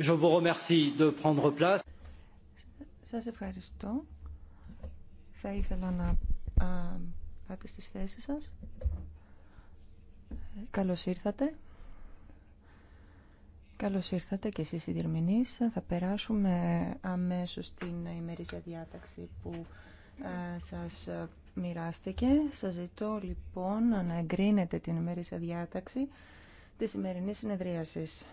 Je vous remercie de prendre place. Σας ευχαριστώ. Θα ήθελα να α, πάτε στις θέσεις σας. Καλώς ήρθατε. Καλώς ήρθατε και εσείς οι διερμηνείς. Θα περάσουμε αμέσως στην ημερήσια διάταξη που α, σας μοιράστηκε. Σας ζητώ λοιπόν να εγκρίνετε την ημερήσια διάταξη της σημερινής συνεδρίασης.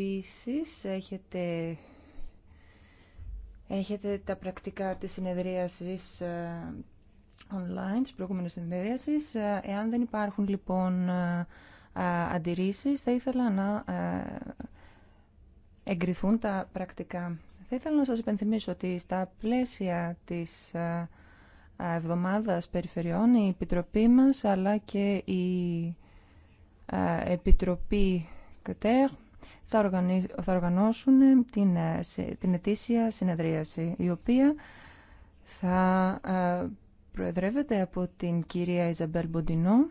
Επίσης έχετε, έχετε τα πρακτικά της συνεδρίασης online, της προηγούμενης συνεδρίασης. Εάν δεν υπάρχουν λοιπόν αντιρρήσεις, θα ήθελα να εγκριθούν τα πρακτικά. Θα ήθελα να σας υπενθυμίσω ότι στα πλαίσια της εβδομάδας περιφερειών η Επιτροπή μας αλλά και η Επιτροπή θα οργανώσουν την, την ετήσια συνεδρίαση, η οποία θα ε, προεδρεύεται από την κυρία Ιζαμπέλ Μποντινό,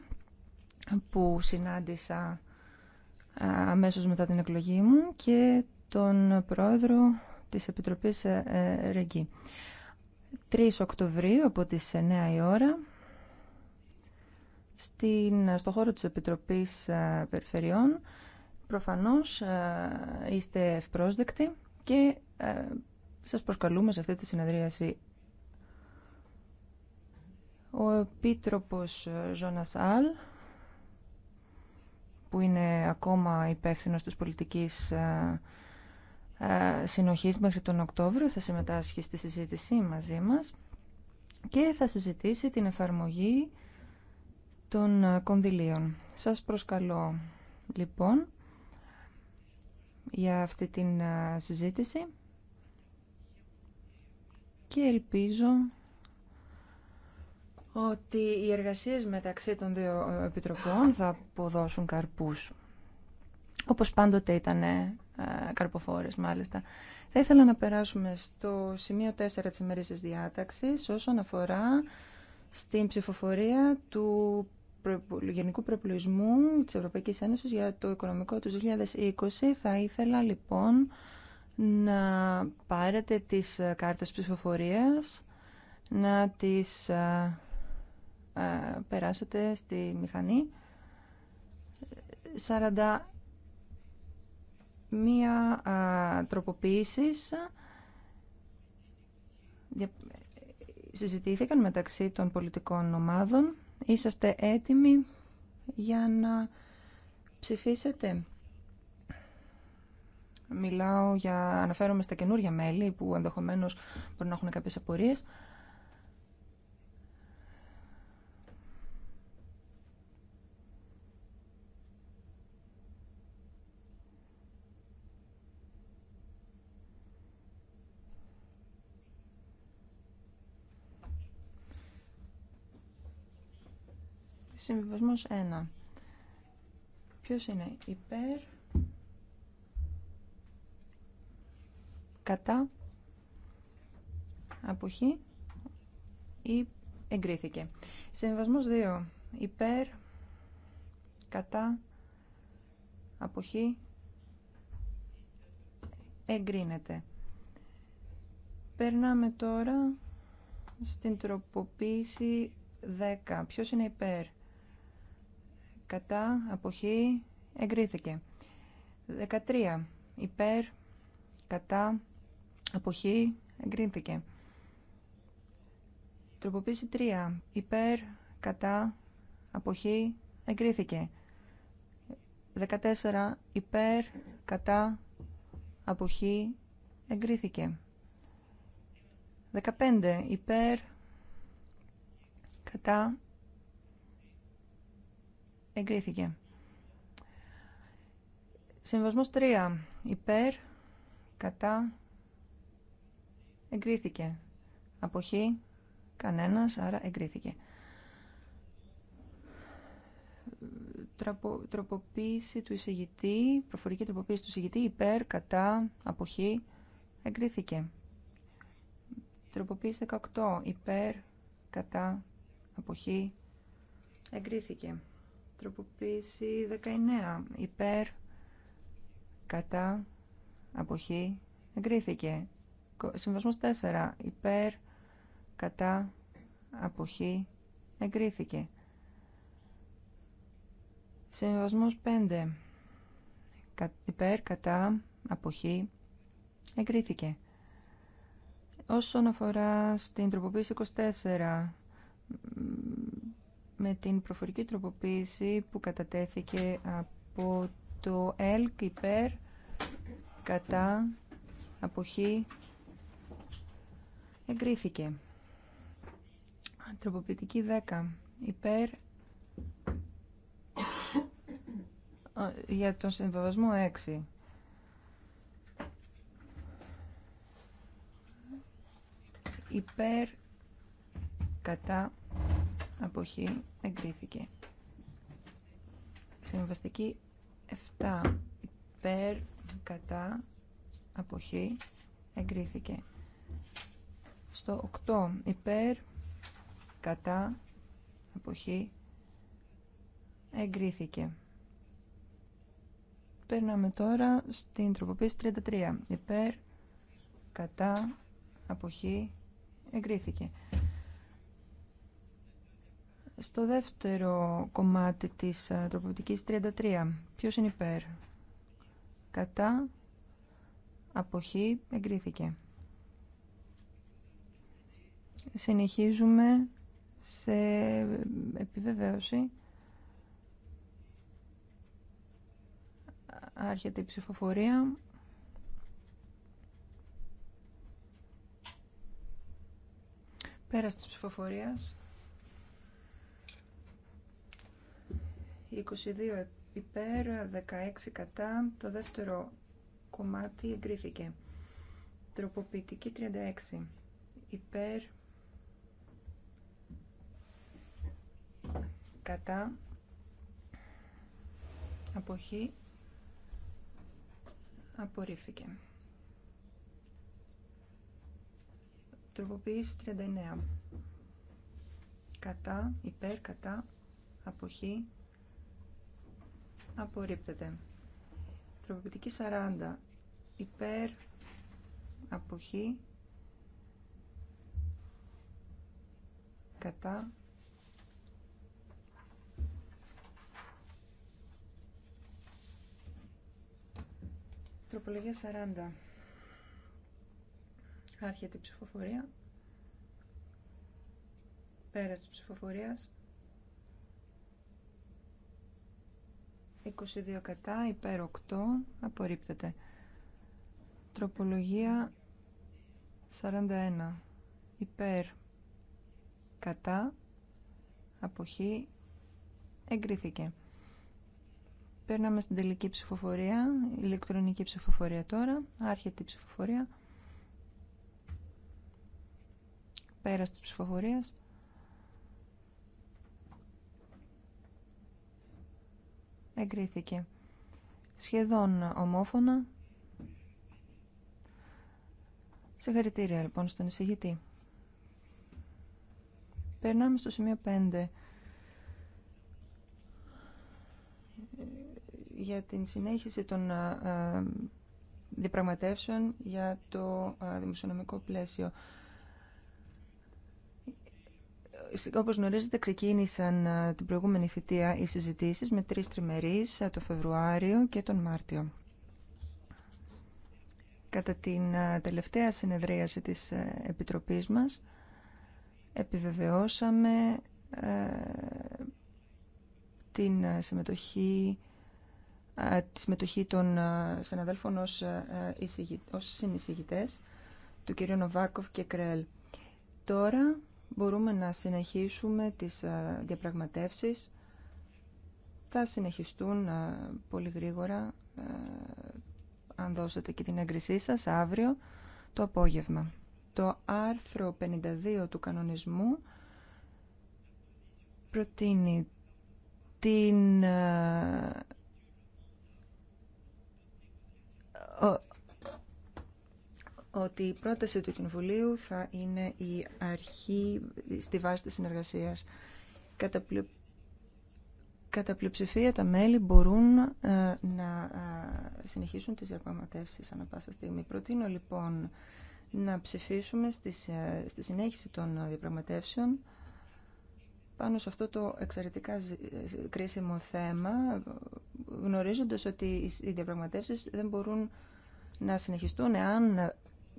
που συνάντησα ε, αμέσως μετά την εκλογή μου, και τον πρόεδρο της Επιτροπής ε, Ρεγκή. 3 Οκτωβρίου από τις 9 η ώρα στο χώρο της Επιτροπής Περιφερειών Προφανώς ε, είστε ευπρόσδεκτοι και ε, σας προσκαλούμε σε αυτή τη συνεδρίαση. Ο Επίτροπος ε, Ζώνας Αλ, που είναι ακόμα υπεύθυνος της πολιτικής συνοχής μέχρι τον Οκτώβριο, θα συμμετάσχει στη συζήτηση μαζί μας και θα συζητήσει την εφαρμογή των κονδυλίων. Σας προσκαλώ λοιπόν για αυτή την συζήτηση και ελπίζω ότι οι εργασίες μεταξύ των δύο ε, επιτροπών θα αποδώσουν καρπούς. Όπως πάντοτε ήταν καρποφόρες μάλιστα. Θα ήθελα να περάσουμε στο σημείο 4 της ημερήσης διάταξης όσον αφορά στην ψηφοφορία του Γενικού Προπολογισμού της Ευρωπαϊκής Ένωσης για το οικονομικό του 2020. Θα ήθελα λοιπόν να πάρετε τις ε, κάρτες ψηφοφορίας, να τις ε, ε, περάσετε στη μηχανή. 40 μία τροποποίησης συζητήθηκαν μεταξύ των πολιτικών ομάδων. Είσαστε έτοιμοι για να ψηφίσετε. Μιλάω για, αναφέρομαι στα καινούργια μέλη που ενδεχομένως μπορεί να έχουν κάποιες απορίες. Συμβιβασμός 1. Ποιος είναι υπέρ, κατά, αποχή ή εγκρίθηκε. Συμβιβασμός 2. Υπέρ, κατά, αποχή, εγκρίνεται. Περνάμε τώρα στην τροποποίηση 10. Ποιος είναι υπέρ, κατά, αποχή, εγκρίθηκε. 13. Υπέρ, κατά, αποχή, εγκρίθηκε. Τροποποίηση 3. Υπέρ, κατά, αποχή, εγκρίθηκε. 14. Υπέρ, κατά, αποχή, εγκρίθηκε. 15. Υπέρ, κατά, Εγκρίθηκε. Συμβασμό 3. Υπέρ, κατά, εγκρίθηκε. Αποχή, κανένας, άρα εγκρίθηκε. τροποποίηση του εισηγητή, προφορική τροποποίηση του εισηγητή, υπέρ, κατά, αποχή, εγκρίθηκε. Τροποποίηση 18, υπέρ, κατά, αποχή, εγκρίθηκε. Τροποποίηση 19. Υπέρ, κατά, αποχή, εγκρίθηκε. Συμβασμό 4. Υπέρ, κατά, αποχή, εγκρίθηκε. Συμβασμό 5. Υπέρ, κατά, αποχή, εγκρίθηκε. Όσον αφορά στην τροποποίηση 24, με την προφορική τροποποίηση που κατατέθηκε από το ΕΛΚ υπέρ κατά αποχή εγκρίθηκε. Τροποποιητική 10 υπέρ για τον συμβιβασμό 6. Υπέρ κατά αποχή εγκρίθηκε. Συμβαστική 7 υπέρ κατά αποχή εγκρίθηκε. Στο 8 υπέρ κατά αποχή εγκρίθηκε. Περνάμε τώρα στην τροποποίηση 33. Υπέρ, κατά, αποχή, εγκρίθηκε. Στο δεύτερο κομμάτι της ε, τροποποιητικής 33, ποιος είναι υπέρ. Κατά, αποχή, εγκρίθηκε. Συνεχίζουμε σε επιβεβαίωση. Άρχεται η ψηφοφορία. Πέρας της ψηφοφορίας. 22 ε, υπέρ, 16 κατά. Το δεύτερο κομμάτι εγκρίθηκε. Τροποποιητική 36 υπέρ, κατά, αποχή, απορρίφθηκε. Τροποποίηση 39. Κατά, υπέρ, κατά, αποχή, απορρίπτεται. Τροποποιητική 40 υπέρ αποχή κατά Τροπολογία 40 Άρχεται η ψηφοφορία πέρας της ψηφοφορίας 22 κατά, υπέρ 8, απορρίπτεται. Τροπολογία 41, υπέρ, κατά, αποχή, εγκρίθηκε. Παίρναμε στην τελική ψηφοφορία, ηλεκτρονική ψηφοφορία τώρα, άρχεται η ψηφοφορία. Πέρας της ψηφοφορίας. εγκρίθηκε. Σχεδόν ομόφωνα. Σε Συγχαρητήρια λοιπόν στον εισηγητή. Περνάμε στο σημείο 5. για την συνέχιση των ε, ε, διαπραγματεύσεων για το ε, δημοσιονομικό πλαίσιο. Όπω γνωρίζετε ξεκίνησαν ε, την προηγούμενη θητεία οι συζητήσεις με τρει τριμερεί, ε, το Φεβρουάριο και τον Μάρτιο. Κατά την ε, τελευταία συνεδρίαση της Επιτροπής μας επιβεβαιώσαμε την συμμετοχή τη συμμετοχή των συναδέλφων ως, ως συνεισηγητές του κ. Νοβάκοφ και Κρέλ. Τώρα μπορούμε να συνεχίσουμε τις ε, διαπραγματεύσεις. Θα συνεχιστούν ε, πολύ γρήγορα, ε, αν δώσετε και την έγκρισή σας, αύριο το απόγευμα. Το άρθρο 52 του κανονισμού προτείνει την ότι η πρόταση του Κοινοβουλίου θα είναι η αρχή στη βάση της συνεργασίας. Κατά, πλειοψηφία τα μέλη μπορούν ε, να ε, συνεχίσουν τις διαπραγματεύσεις ανά πάσα στιγμή. Προτείνω λοιπόν να ψηφίσουμε στις, ε, στη συνέχιση των διαπραγματεύσεων πάνω σε αυτό το εξαιρετικά κρίσιμο θέμα, γνωρίζοντας ότι οι διαπραγματεύσεις δεν μπορούν να συνεχιστούν εάν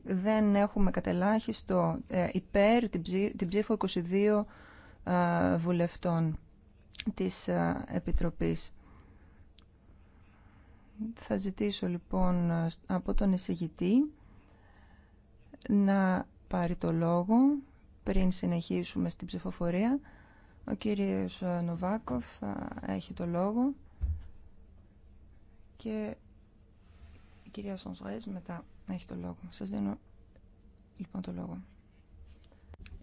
δεν έχουμε κατελάχιστο ε, υπέρ την ψήφο 22 ε, βουλευτών της ε, Επιτροπής. Θα ζητήσω λοιπόν από τον εισηγητή να πάρει το λόγο πριν συνεχίσουμε στην ψηφοφορία. Ο κύριος Νοβάκοφ έχει το λόγο και η κυρία Σονσουέζ μετά να έχει το λόγο. Σας δίνω λοιπόν το λόγο.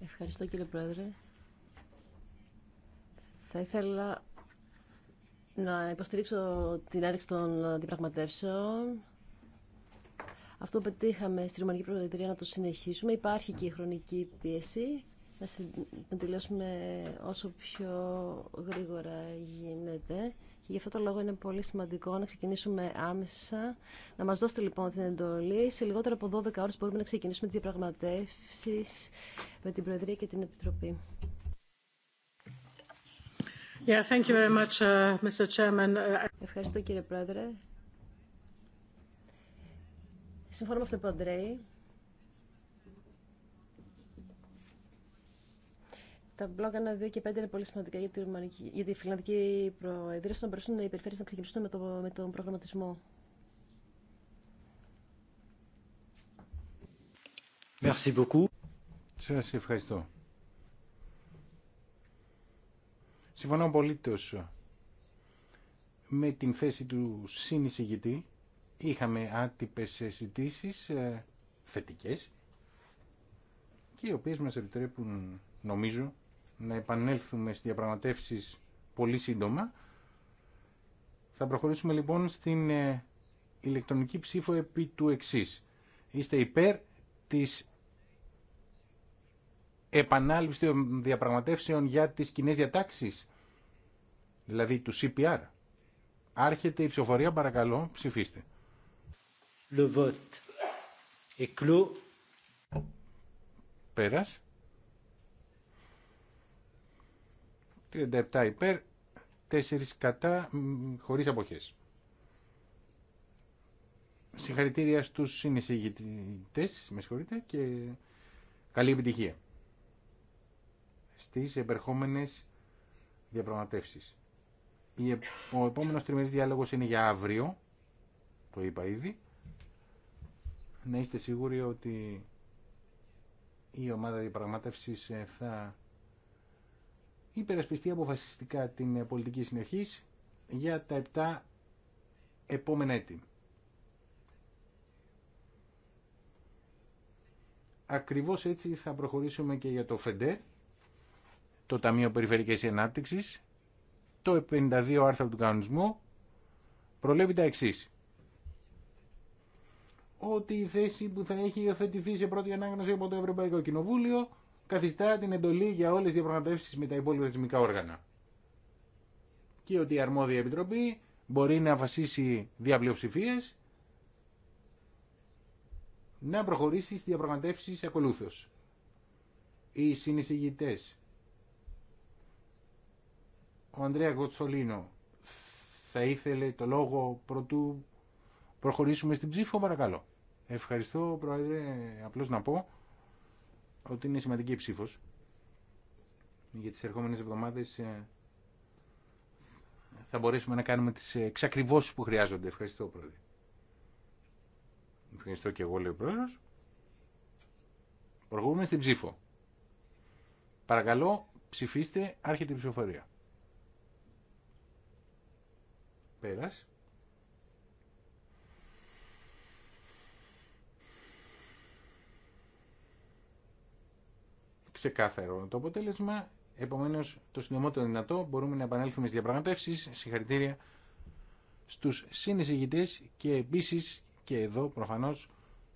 Ευχαριστώ κύριε Πρόεδρε. Θα ήθελα να υποστηρίξω την άρεξη των αντιπραγματεύσεων. Αυτό που πετύχαμε στη Ρουμανική Προεδρία να το συνεχίσουμε. Υπάρχει και η χρονική πίεση να τελειώσουμε όσο πιο γρήγορα γίνεται. Και γι' αυτό το λόγο είναι πολύ σημαντικό να ξεκινήσουμε άμεσα. Να μας δώσετε λοιπόν την εντολή. Σε λιγότερο από 12 ώρες μπορούμε να ξεκινήσουμε τι διαπραγματεύσει με την Προεδρία και την Επιτροπή. Yeah, thank you very much, uh, Mr. Chairman. Uh, Ευχαριστώ κύριε Πρόεδρε. Συμφωνώ με αυτό που Τα μπλοκ 1, 2 και 5 είναι πολύ σημαντικά για τη, για τη Φιλανδική Προεδρία, ώστε να οι περιφέρειες να ξεκινήσουν με, το, με τον προγραμματισμό. Merci beaucoup. Σας ευχαριστώ. Συμφωνώ τόσο με την θέση του συνεισηγητή. Είχαμε άτυπες συζητήσει ε, θετικές και οι οποίες μας επιτρέπουν, νομίζω, να επανέλθουμε στις διαπραγματεύσεις πολύ σύντομα. Θα προχωρήσουμε λοιπόν στην ε, ηλεκτρονική ψήφο επί του εξής. Είστε υπέρ της επανάληψης των διαπραγματεύσεων για τις κοινέ διατάξεις, δηλαδή του CPR. Άρχεται η ψηφοφορία, παρακαλώ, ψηφίστε. Le vote Πέρας. 37 υπέρ, 4 κατά, χωρίς αποχές. Συγχαρητήρια στους συνεισηγητές, με συγχωρείτε, και καλή επιτυχία στις επερχόμενες διαπραγματεύσεις. Ο επόμενος τριμερής διάλογος είναι για αύριο, το είπα ήδη. Να είστε σίγουροι ότι η ομάδα διαπραγμάτευσης ε, θα υπερασπιστεί αποφασιστικά την ε, πολιτική συνοχή για τα 7 επόμενα έτη. Ακριβώς έτσι θα προχωρήσουμε και για το ΦΕΝΤΕΡ, το Ταμείο Περιφερειακής Ανάπτυξης, το 52 άρθρο του κανονισμού, προλέπει τα εξής ότι η θέση που θα έχει υιοθετηθεί σε πρώτη ανάγνωση από το Ευρωπαϊκό Κοινοβούλιο καθιστά την εντολή για όλες τις διαπραγματεύσεις με τα υπόλοιπα θεσμικά όργανα. Και ότι η αρμόδια επιτροπή μπορεί να βασίσει διαπλειοψηφίες να προχωρήσει στις διαπραγματεύσεις ακολούθως. Οι συνεισηγητές ο Ανδρέα Κοτσολίνο θα ήθελε το λόγο προτού προχωρήσουμε στην ψήφο, παρακαλώ. Ευχαριστώ, Πρόεδρε. Απλώς να πω ότι είναι σημαντική η ψήφος για τις ερχόμενες εβδομάδες ε, θα μπορέσουμε να κάνουμε τις εξακριβώσεις που χρειάζονται. Ευχαριστώ, Πρόεδρε. Ευχαριστώ και εγώ, λέει ο Πρόεδρος. Προχωρούμε στην ψήφο. Παρακαλώ, ψηφίστε, άρχεται η ψηφοφορία. Πέρας. ξεκάθαρο το αποτέλεσμα. Επομένω, το συντομότερο δυνατό μπορούμε να επανέλθουμε στι διαπραγματεύσει. Συγχαρητήρια στου συνεισηγητέ και επίση και εδώ προφανώ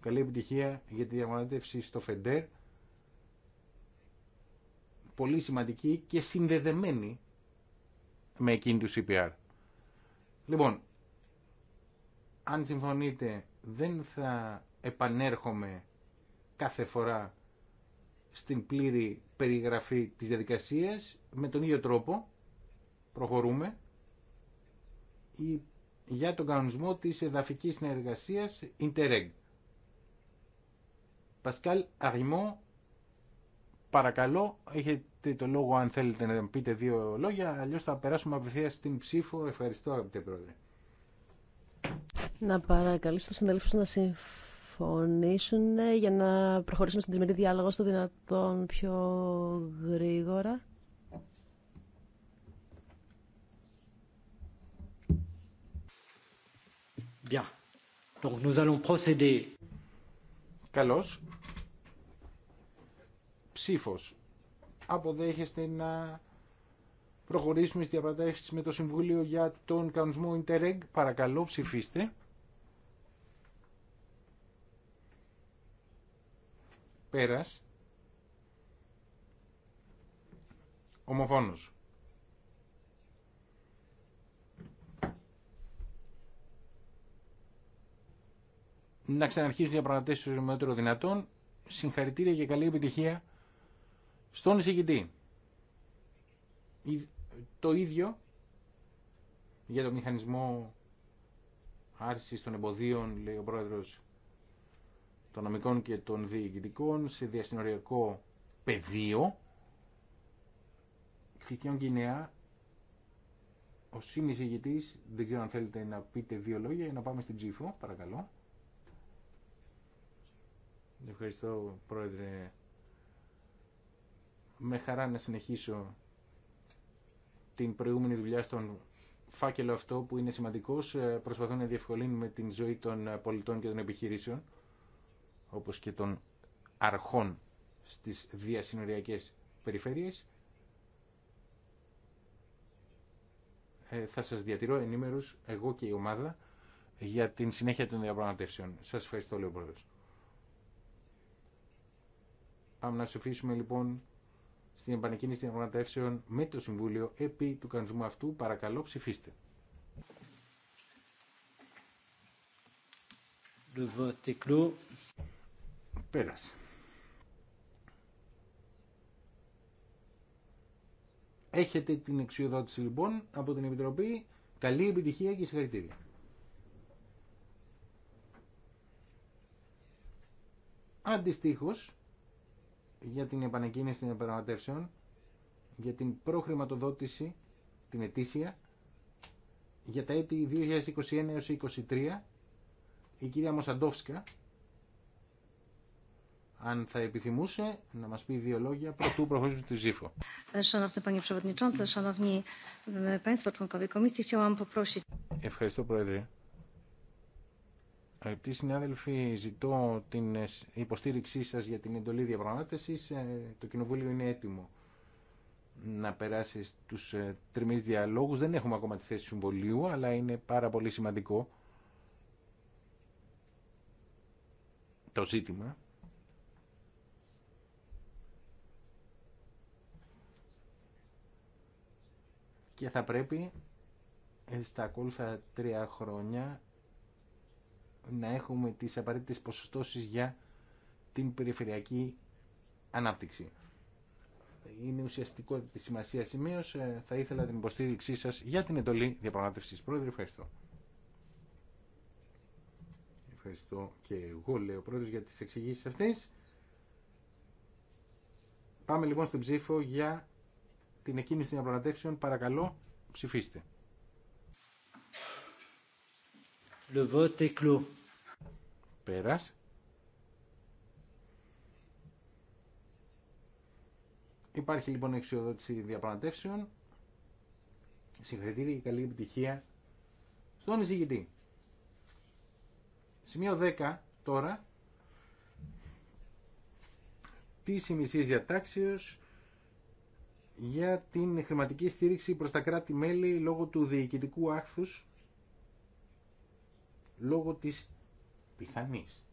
καλή επιτυχία για τη διαπραγματεύση στο ΦΕΝΤΕΡ. Πολύ σημαντική και συνδεδεμένη με εκείνη του CPR. Λοιπόν, αν συμφωνείτε δεν θα επανέρχομαι κάθε φορά στην πλήρη περιγραφή της διαδικασίας. Με τον ίδιο τρόπο προχωρούμε για τον κανονισμό της εδαφικής συνεργασίας Interreg. Πασκάλ αριμό παρακαλώ, έχετε το λόγο αν θέλετε να πείτε δύο λόγια, αλλιώς θα περάσουμε απευθείας στην ψήφο. Ευχαριστώ αγαπητέ πρόεδρε. Να παρακαλήσω τους συνδελφούς να συμφωνήσουν συμφωνήσουν για να προχωρήσουμε στην τριμερή διάλογο στο δυνατόν πιο γρήγορα. Bien. Donc nous allons procéder. Καλώς. Ψήφος. Αποδέχεστε να προχωρήσουμε στις διαπραγματεύσεις με το Συμβούλιο για τον κανονισμό Interreg. Παρακαλώ ψηφίστε. Πέρας. Ομοφόνος. Να ξαναρχίσουν οι διαπραγματεύσεις στους ρημότερο δυνατών. Συγχαρητήρια και καλή επιτυχία στον εισηγητή. Το ίδιο για το μηχανισμό άρσης των εμποδίων, λέει ο πρόεδρος των νομικών και των διοικητικών σε διασυνοριακό πεδίο. Χριστιαν Κινέα, ο ηγητής, δεν ξέρω αν θέλετε να πείτε δύο λόγια για να πάμε στην ψήφο, παρακαλώ. Ευχαριστώ, Πρόεδρε. Με χαρά να συνεχίσω την προηγούμενη δουλειά στον φάκελο αυτό που είναι σημαντικός. Ε, προσπαθώ να διευκολύνουμε την ζωή των ε, πολιτών και των επιχειρήσεων όπως και των αρχών στις διασυνοριακές περιφέρειες. Ε, θα σας διατηρώ ενήμερους εγώ και η ομάδα για την συνέχεια των διαπραγματεύσεων. Σας ευχαριστώ, λέω Πρόεδρος. Πάμε να ψηφίσουμε λοιπόν στην επανεκκίνηση των διαπραγματεύσεων με το Συμβούλιο επί του κανονισμού αυτού. Παρακαλώ, ψηφίστε. Le vote est clos. Πέρασε. Έχετε την εξουδότηση λοιπόν από την Επιτροπή. Καλή επιτυχία και συγχαρητήρια. Αντιστοίχω, για την επανεκκίνηση των επαναπατεύσεων, για την προχρηματοδότηση, την ετήσια, για τα έτη 2021 έως 2023, η κυρία Μοσαντόφσκα αν θα επιθυμούσε να μας πει δύο λόγια πρωτού προχωρήσουμε τη ψήφο. E, Ευχαριστώ Πρόεδρε. Αγαπητοί συνάδελφοι, ζητώ την ε, υποστήριξή σας για την εντολή διαπραγμάτευσης. Ε, το Κοινοβούλιο είναι έτοιμο να περάσει στους ε, τριμείς διαλόγους. Δεν έχουμε ακόμα τη θέση συμβολίου, αλλά είναι πάρα πολύ σημαντικό το ζήτημα και θα πρέπει ε, στα ακόλουθα τρία χρόνια να έχουμε τις απαραίτητες ποσοστώσεις για την περιφερειακή ανάπτυξη. Είναι ουσιαστικό τη σημασία σημείο. Ε, θα ήθελα την υποστήριξή σας για την εντολή διαπραγμάτευσης. Πρόεδρε, ευχαριστώ. Ευχαριστώ και εγώ, λέω, ο για τις εξηγήσει αυτές. Πάμε λοιπόν στην ψήφο για την εκκίνηση των διαπραγματεύσεων, παρακαλώ ψηφίστε. Le vote est clos. Πέρας. Υπάρχει λοιπόν εξοδότηση διαπραγματεύσεων. Συγχαρητήρια και καλή επιτυχία στον εισηγητή. Σημείο 10 τώρα. Τι ημισής διατάξεως για την χρηματική στήριξη προς τα κράτη-μέλη λόγω του διοικητικού άχθους, λόγω της πιθανής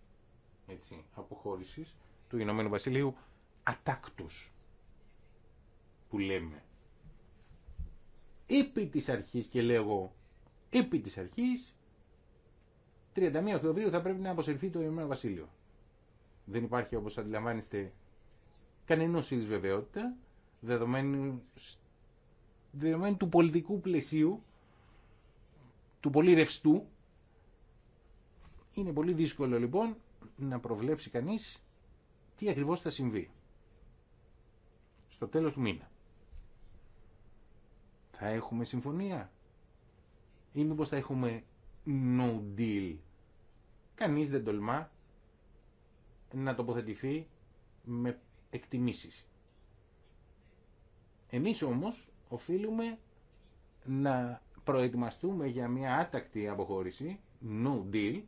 έτσι, αποχώρησης του Ηνωμένου Βασιλείου ατάκτους που λέμε. Επί της αρχής και λέγω επί της αρχής 31 Οκτωβρίου θα πρέπει να αποσυρθεί το Ηνωμένο Βασίλειο. Δεν υπάρχει όπως αντιλαμβάνεστε κανενός είδους βεβαιότητα δεδομένου, δεδομένου του πολιτικού πλαισίου, του πολύ ρευστού. Είναι πολύ δύσκολο λοιπόν να προβλέψει κανείς τι ακριβώς θα συμβεί στο τέλος του μήνα. Θα έχουμε συμφωνία ή μήπως θα έχουμε no deal. Κανείς δεν τολμά να τοποθετηθεί με εκτιμήσεις. Εμείς όμως οφείλουμε να προετοιμαστούμε για μια άτακτη αποχώρηση, no deal,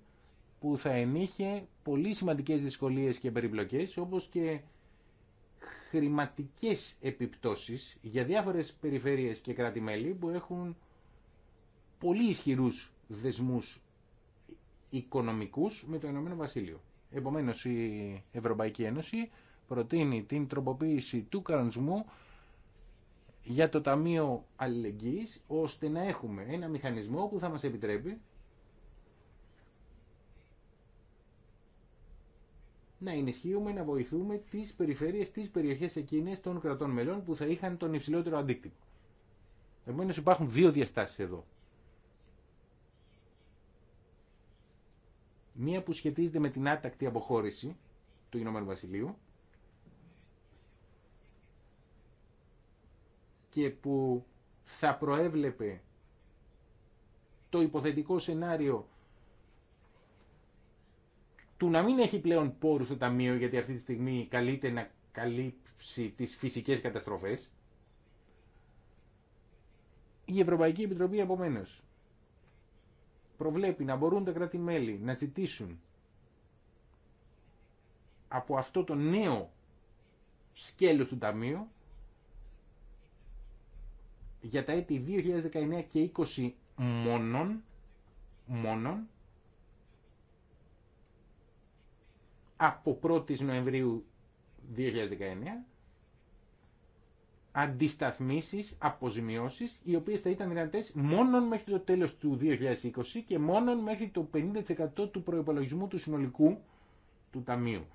που θα ενείχε πολύ σημαντικές δυσκολίες και περιπλοκές, όπως και χρηματικές επιπτώσεις για διάφορες περιφέρειες και κράτη-μέλη που έχουν πολύ ισχυρούς δεσμούς οικονομικούς με το Ηνωμένο Βασίλειο. Επομένως η Ευρωπαϊκή Ένωση προτείνει την τροποποίηση του κανονισμού για το Ταμείο Αλληλεγγύης, ώστε να έχουμε ένα μηχανισμό που θα μας επιτρέπει να ενισχύουμε, να βοηθούμε τις περιφέρειες, τις περιοχές εκείνες των κρατών μελών που θα είχαν τον υψηλότερο αντίκτυπο. Επομένω υπάρχουν δύο διαστάσεις εδώ. Μία που σχετίζεται με την άτακτη αποχώρηση του Ηνωμένου Βασιλείου και που θα προέβλεπε το υποθετικό σενάριο του να μην έχει πλέον πόρους στο Ταμείο γιατί αυτή τη στιγμή καλείται να καλύψει τις φυσικές καταστροφές η Ευρωπαϊκή Επιτροπή επομένω προβλέπει να μπορούν τα κράτη-μέλη να ζητήσουν από αυτό το νέο σκέλος του Ταμείου για τα έτη 2019 και 20 μόνον, μόνον από 1η Νοεμβρίου 2019 αντισταθμίσεις, αποζημιώσεις, οι οποίες θα ήταν δυνατές μόνον μέχρι το τέλος του 2020 και μόνον μέχρι το 50% του προϋπολογισμού του συνολικού του Ταμείου.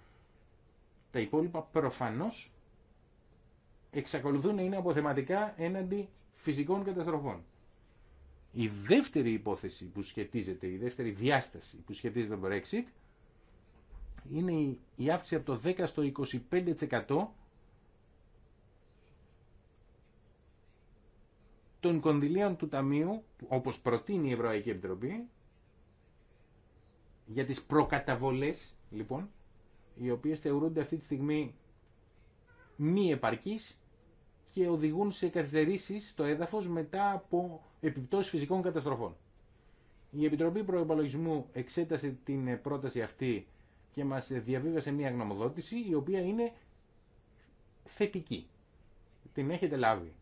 Τα υπόλοιπα προφανώς εξακολουθούν να είναι αποθεματικά έναντι φυσικών καταστροφών. Η δεύτερη υπόθεση που σχετίζεται, η δεύτερη διάσταση που σχετίζεται με το Brexit είναι η αύξηση από το 10% στο 25% των κονδυλίων του Ταμείου, όπως προτείνει η Ευρωπαϊκή Επιτροπή, για τις προκαταβολές, λοιπόν, οι οποίες θεωρούνται αυτή τη στιγμή μη επαρκείς και οδηγούν σε καθυστερήσει στο έδαφο μετά από επιπτώσει φυσικών καταστροφών. Η Επιτροπή Προπολογισμού εξέτασε την πρόταση αυτή και μας διαβίβασε μια γνωμοδότηση η οποία είναι θετική. Την έχετε λάβει.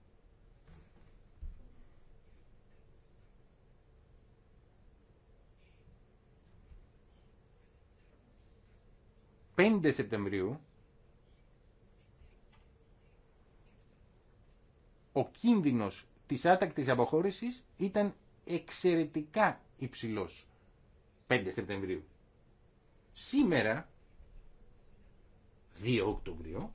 ...5 Σεπτεμβρίου ο κίνδυνος της άτακτης αποχώρησης ήταν εξαιρετικά υψηλός 5 Σεπτεμβρίου. Σήμερα, 2 Οκτωβρίου,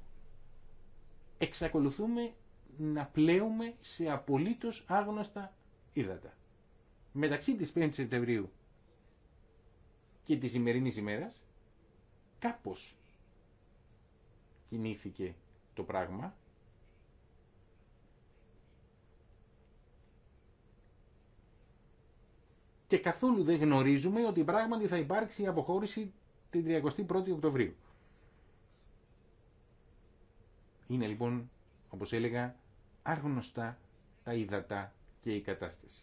εξακολουθούμε να πλέουμε σε απολύτως άγνωστα ύδατα. Μεταξύ της 5 Σεπτεμβρίου και της σημερινή ημέρας, κάπως κινήθηκε το πράγμα και καθόλου δεν γνωρίζουμε ότι πράγματι θα υπάρξει η αποχώρηση την 31η Οκτωβρίου. Είναι λοιπόν, όπως έλεγα, άγνωστα τα ύδατα και η κατάσταση.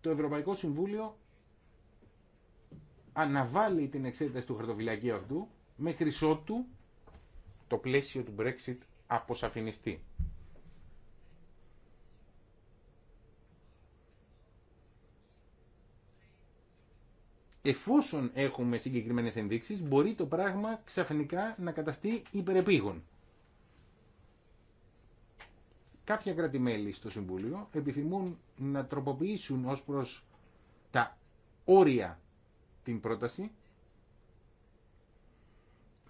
Το Ευρωπαϊκό Συμβούλιο αναβάλει την εξέταση του χαρτοφυλακίου αυτού μέχρι ότου το πλαίσιο του Brexit αποσαφινιστεί. εφόσον έχουμε συγκεκριμένες ενδείξεις, μπορεί το πράγμα ξαφνικά να καταστεί υπερεπίγον. Κάποια κρατημέλη στο Συμβούλιο επιθυμούν να τροποποιήσουν ως προς τα όρια την πρόταση,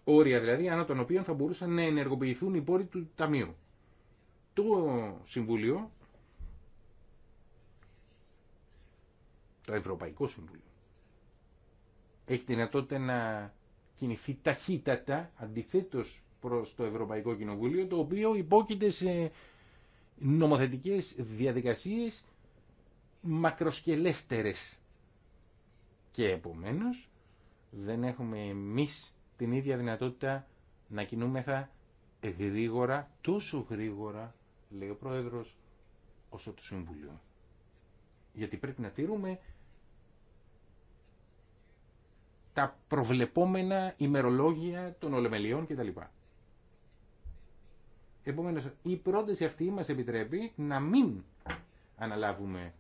όρια δηλαδή ανά των οποίων θα μπορούσαν να ενεργοποιηθούν οι πόροι του Ταμείου. Το Συμβούλιο, το Ευρωπαϊκό Συμβούλιο, έχει δυνατότητα να κινηθεί ταχύτατα αντιθέτως προς το Ευρωπαϊκό Κοινοβούλιο το οποίο υπόκειται σε νομοθετικές διαδικασίες μακροσκελέστερες και επομένως δεν έχουμε εμείς την ίδια δυνατότητα να κινούμεθα γρήγορα, τόσο γρήγορα, λέει ο Πρόεδρος, όσο το Συμβουλίο. Γιατί πρέπει να τηρούμε τα προβλεπόμενα ημερολόγια των ολομελιών κτλ. Επομένως, η πρόταση αυτή μας επιτρέπει να μην αναλάβουμε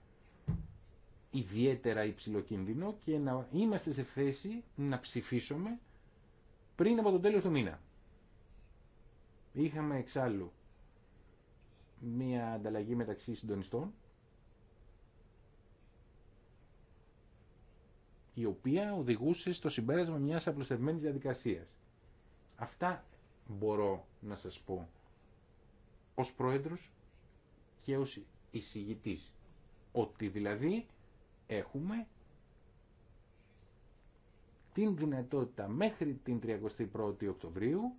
ιδιαίτερα υψηλό κίνδυνο και να είμαστε σε θέση να ψηφίσουμε πριν από το τέλος του μήνα. Είχαμε εξάλλου μία ανταλλαγή μεταξύ συντονιστών η οποία οδηγούσε στο συμπέρασμα μιας απλουστευμένης διαδικασίας. Αυτά μπορώ να σας πω ως πρόεδρος και ως εισηγητής. Ότι δηλαδή έχουμε την δυνατότητα μέχρι την 31η Οκτωβρίου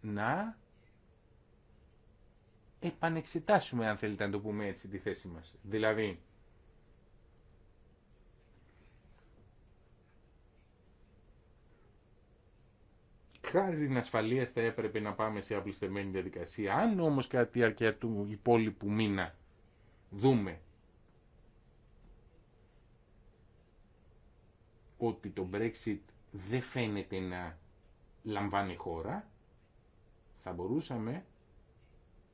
να επανεξετάσουμε, αν θέλετε να το πούμε έτσι, τη θέση μας. Δηλαδή, χάρη ασφαλεία θα έπρεπε να πάμε σε απλουστευμένη διαδικασία. Αν όμω κατά αρκετά του υπόλοιπου μήνα δούμε ότι το Brexit δεν φαίνεται να λαμβάνει χώρα, θα μπορούσαμε,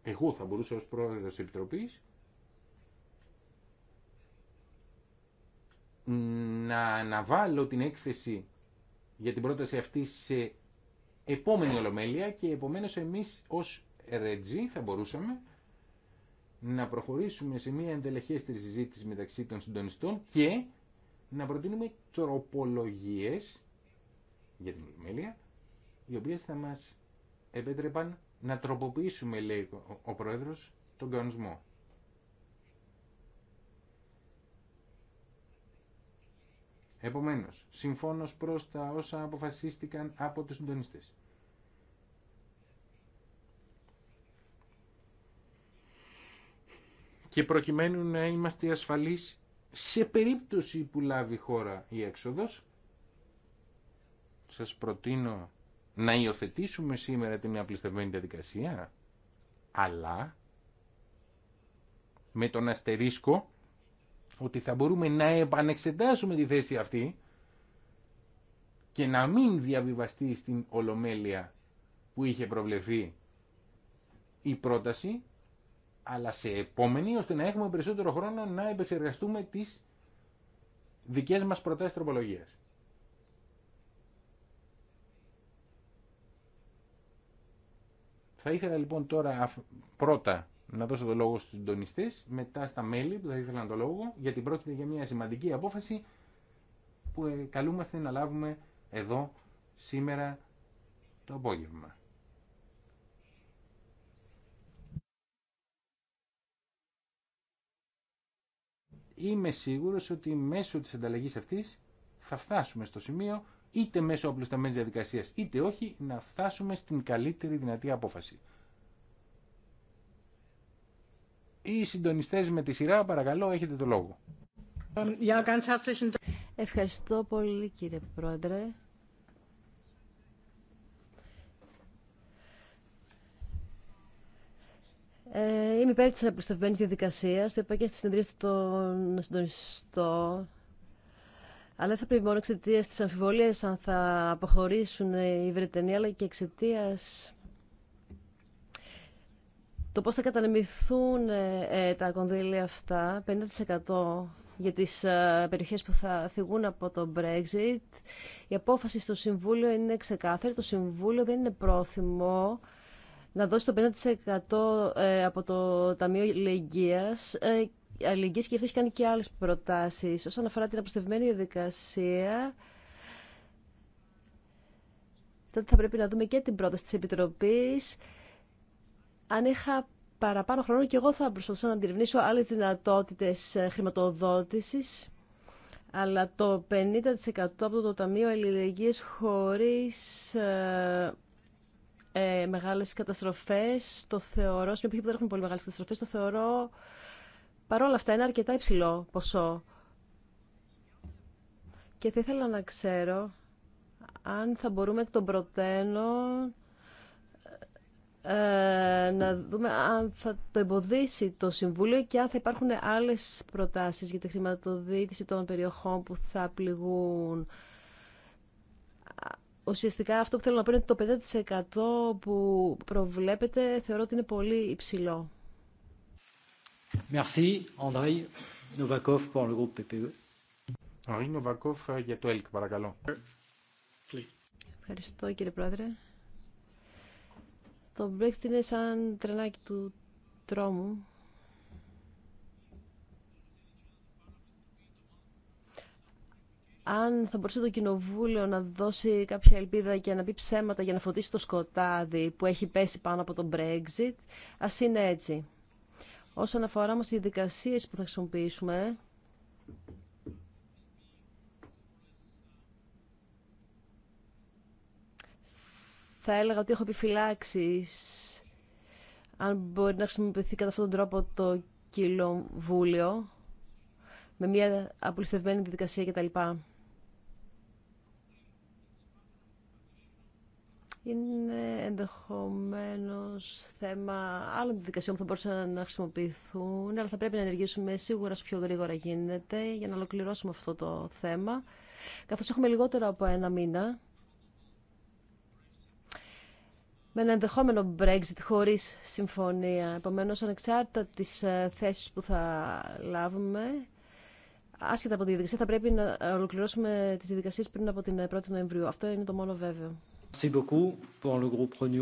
εγώ θα μπορούσα ως πρόεδρος της Επιτροπής, να αναβάλω την έκθεση για την πρόταση αυτή σε επόμενη ολομέλεια και επομένως εμείς ως Ρετζή θα μπορούσαμε να προχωρήσουμε σε μια εντελεχέστερη συζήτηση μεταξύ των συντονιστών και να προτείνουμε τροπολογίες για την ολομέλεια οι οποίες θα μας επέτρεπαν να τροποποιήσουμε, λέει ο Πρόεδρος, τον κανονισμό. Επομένως, συμφώνως προς τα όσα αποφασίστηκαν από τους συντονιστές. και προκειμένου να είμαστε ασφαλείς σε περίπτωση που λάβει η χώρα η έξοδος σας προτείνω να υιοθετήσουμε σήμερα την απληστευμένη διαδικασία αλλά με τον αστερίσκο ότι θα μπορούμε να επανεξετάσουμε τη θέση αυτή και να μην διαβιβαστεί στην Ολομέλεια που είχε προβλεφθεί η πρόταση αλλά σε επόμενη ώστε να έχουμε περισσότερο χρόνο να επεξεργαστούμε τις δικές μας προτάσεις τροπολογίας. Θα ήθελα λοιπόν τώρα πρώτα να δώσω το λόγο στους συντονιστές, μετά στα μέλη που θα ήθελαν το λόγο, γιατί πρόκειται για μια σημαντική απόφαση που ε, καλούμαστε να λάβουμε εδώ σήμερα το απόγευμα. είμαι σίγουρος ότι μέσω της ανταλλαγής αυτής θα φτάσουμε στο σημείο είτε μέσω απλουσταμένης διαδικασίας είτε όχι να φτάσουμε στην καλύτερη δυνατή απόφαση. Οι συντονιστές με τη σειρά παρακαλώ έχετε το λόγο. Um, Ευχαριστώ πολύ κύριε Πρόεδρε. Ε, είμαι υπέρ τη απλουστευμένη διαδικασία. Το είπα και στη συνεδρίαση των συντονιστών. Αλλά δεν θα πρέπει μόνο εξαιτία τη αμφιβολία αν θα αποχωρήσουν οι Βρετανοί, αλλά και εξαιτία το πώς θα κατανεμηθούν ε, ε, τα κονδύλια αυτά, 50% για τις ε, περιοχές που θα θυγούν από το Brexit. Η απόφαση στο Συμβούλιο είναι ξεκάθαρη. Το Συμβούλιο δεν είναι πρόθυμο να δώσει το 50% ε, από το Ταμείο Αλληλεγγύας ε, αλληλεγγύης και αυτό έχει κάνει και άλλες προτάσεις. Όσον αφορά την αποστευμένη διαδικασία, τότε θα πρέπει να δούμε και την πρόταση της Επιτροπής. Αν είχα παραπάνω χρόνο και εγώ θα προσπαθούσα να αντιρρυνήσω άλλες δυνατότητες ε, χρηματοδότησης, αλλά το 50% από το Ταμείο Αλληλεγγύης χωρίς ε, μεγάλες καταστροφές, το θεωρώ, στην που δεν πολύ μεγάλες καταστροφές, το θεωρώ παρόλα αυτά είναι αρκετά υψηλό ποσό. Και θα ήθελα να ξέρω αν θα μπορούμε τον των ε, να δούμε αν θα το εμποδίσει το Συμβούλιο και αν θα υπάρχουν άλλες προτάσεις για τη χρηματοδίτηση των περιοχών που θα πληγούν Ουσιαστικά αυτό που θέλω να πω είναι ότι το 5% που προβλέπετε θεωρώ ότι είναι πολύ υψηλό. Merci, Andrei Novakov pour le groupe PPE. Novakov euh, για το ΕΛΚ, παρακαλώ. Ευχαριστώ κύριε Πρόεδρε. Το Brexit είναι σαν τρενάκι του τρόμου. αν θα μπορούσε το Κοινοβούλιο να δώσει κάποια ελπίδα και να πει ψέματα για να φωτίσει το σκοτάδι που έχει πέσει πάνω από τον Brexit, α είναι έτσι. Όσον αφορά μας οι δικασίε που θα χρησιμοποιήσουμε, θα έλεγα ότι έχω επιφυλάξει αν μπορεί να χρησιμοποιηθεί κατά αυτόν τον τρόπο το Κοινοβούλιο, με μια απολυστευμένη διαδικασία κτλ. είναι ενδεχομένω θέμα άλλων διαδικασιών που θα μπορούσαν να χρησιμοποιηθούν, αλλά θα πρέπει να ενεργήσουμε σίγουρα όσο πιο γρήγορα γίνεται για να ολοκληρώσουμε αυτό το θέμα, καθώς έχουμε λιγότερο από ένα μήνα με ένα ενδεχόμενο Brexit χωρίς συμφωνία. Επομένως, ανεξάρτητα τις ε, θέσεις που θα λάβουμε, άσχετα από τη διαδικασία, θα πρέπει να ολοκληρώσουμε τις διαδικασίες πριν από την 1η ε, Νοεμβρίου. Αυτό είναι το μόνο βέβαιο. Ευχαριστώ πολύ.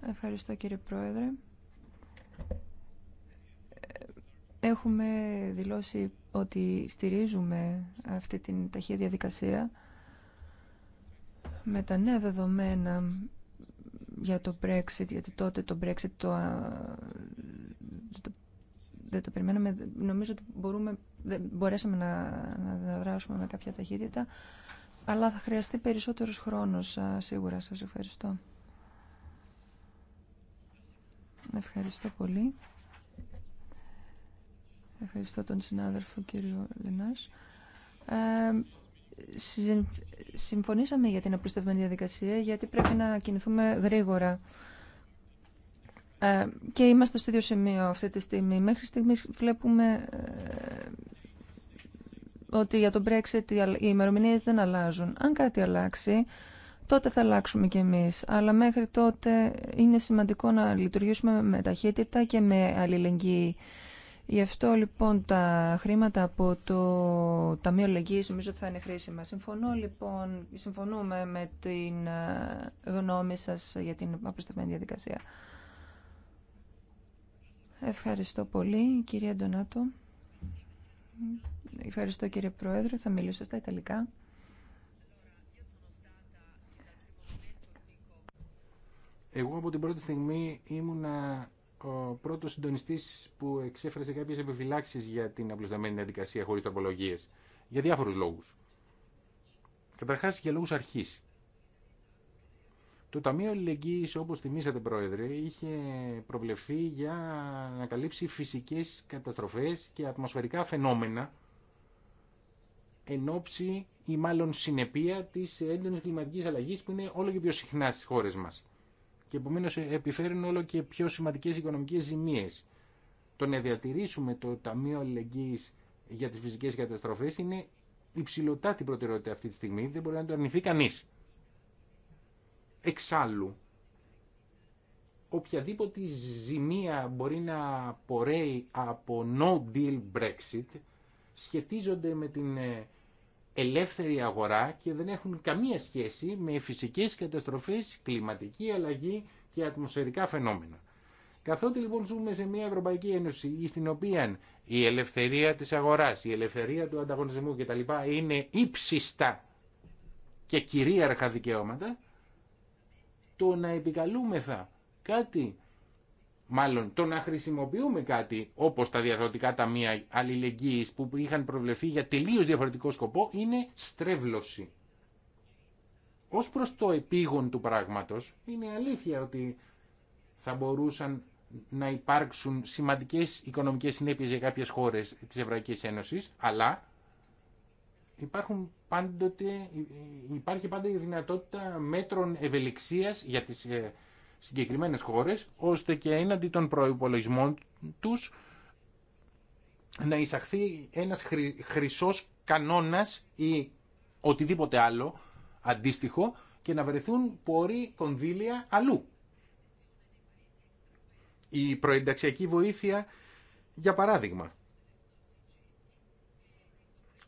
Ευχαριστώ κύριε Πρόεδρε. Έχουμε δηλώσει ότι στηρίζουμε αυτή την ταχεία διαδικασία με τα νέα δεδομένα για το Brexit, γιατί τότε το Brexit το, δεν το περιμέναμε. Νομίζω ότι μπορούμε, μπορέσαμε να, να δράσουμε με κάποια ταχύτητα, αλλά θα χρειαστεί περισσότερος χρόνος σίγουρα. Σας ευχαριστώ. Ευχαριστώ πολύ. Ευχαριστώ τον συνάδελφο κύριο Λινάς. Ε, συμφωνήσαμε για την απλουστευμένη διαδικασία γιατί πρέπει να κινηθούμε γρήγορα. Ε, και είμαστε στο ίδιο σημείο αυτή τη στιγμή. Μέχρι στιγμής βλέπουμε ε, ότι για τον Brexit οι ημερομηνίε δεν αλλάζουν. Αν κάτι αλλάξει, τότε θα αλλάξουμε κι εμείς. Αλλά μέχρι τότε είναι σημαντικό να λειτουργήσουμε με ταχύτητα και με αλληλεγγύη. Γι' αυτό λοιπόν τα χρήματα από το Ταμείο Λεγγύης νομίζω ότι θα είναι χρήσιμα. Συμφωνώ λοιπόν, συμφωνούμε με την ε, γνώμη σα για την απροστευμένη διαδικασία. Ευχαριστώ πολύ κυρία Ντονάτο. Ευχαριστώ κύριε Πρόεδρε, θα μιλήσω στα Ιταλικά. Εγώ από την πρώτη στιγμή ήμουνα ο πρώτο συντονιστή που εξέφρασε κάποιες επιφυλάξεις για την απλουσταμένη διαδικασία χωρί τροπολογίε. Για διάφορους λόγους. Καταρχάς για λόγους αρχής. Το Ταμείο Αλληλεγγύης, όπως θυμήσατε πρόεδρε, είχε προβλεφθεί για να καλύψει φυσικές καταστροφές και ατμοσφαιρικά φαινόμενα εν ώψη ή μάλλον συνεπία της έντονης κλιματικής αλλαγής που είναι όλο και πιο συχνά στις χώρες μας και επομένω επιφέρουν όλο και πιο σημαντικέ οικονομικέ ζημίε. Το να διατηρήσουμε το Ταμείο Αλληλεγγύη για τι φυσικέ καταστροφέ είναι υψηλωτά την προτεραιότητα αυτή τη στιγμή, δεν μπορεί να το αρνηθεί κανεί. Εξάλλου, οποιαδήποτε ζημία μπορεί να πορέει από no deal Brexit σχετίζονται με την ε, ελεύθερη αγορά και δεν έχουν καμία σχέση με φυσικές καταστροφές, κλιματική αλλαγή και ατμοσφαιρικά φαινόμενα. Καθότι λοιπόν ζούμε σε μια Ευρωπαϊκή Ένωση στην οποία η ελευθερία της αγοράς, η ελευθερία του ανταγωνισμού κτλ. είναι ύψιστα και κυρίαρχα δικαιώματα, το να επικαλούμεθα κάτι μάλλον το να χρησιμοποιούμε κάτι όπως τα διαδοτικά ταμεία αλληλεγγύης που είχαν προβλεφθεί για τελείως διαφορετικό σκοπό είναι στρέβλωση. Ως προς το επίγον του πράγματος είναι αλήθεια ότι θα μπορούσαν να υπάρξουν σημαντικές οικονομικές συνέπειες για κάποιες χώρες της Ευρωπαϊκής Ένωσης, αλλά υπάρχουν πάντοτε, υπάρχει πάντα η δυνατότητα μέτρων ευελιξίας για τις ε, συγκεκριμένες χώρες, ώστε και έναντι των προϋπολογισμών τους να εισαχθεί ένας χρυσός κανόνας ή οτιδήποτε άλλο αντίστοιχο και να βρεθούν πόροι κονδύλια αλλού. Η προενταξιακή βοήθεια, για παράδειγμα,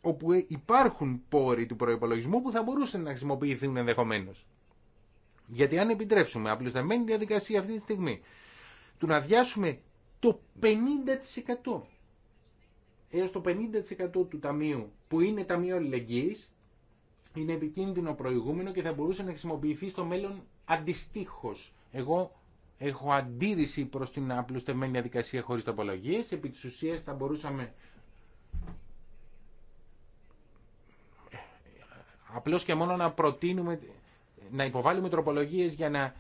όπου υπάρχουν πόροι του προϋπολογισμού που θα μπορούσαν να χρησιμοποιηθούν ενδεχομένως. Γιατί αν επιτρέψουμε απλουσταμένη διαδικασία αυτή τη στιγμή του να διάσουμε το 50% έως το 50% του ταμείου που είναι ταμείο αλληλεγγύης είναι επικίνδυνο προηγούμενο και θα μπορούσε να χρησιμοποιηθεί στο μέλλον αντιστοίχω. Εγώ έχω αντίρρηση προς την απλουστευμένη διαδικασία χωρίς τοπολογίε. Επί τη ουσία θα μπορούσαμε Απλώ και μόνο να προτείνουμε να υποβάλουμε τροπολογίες για να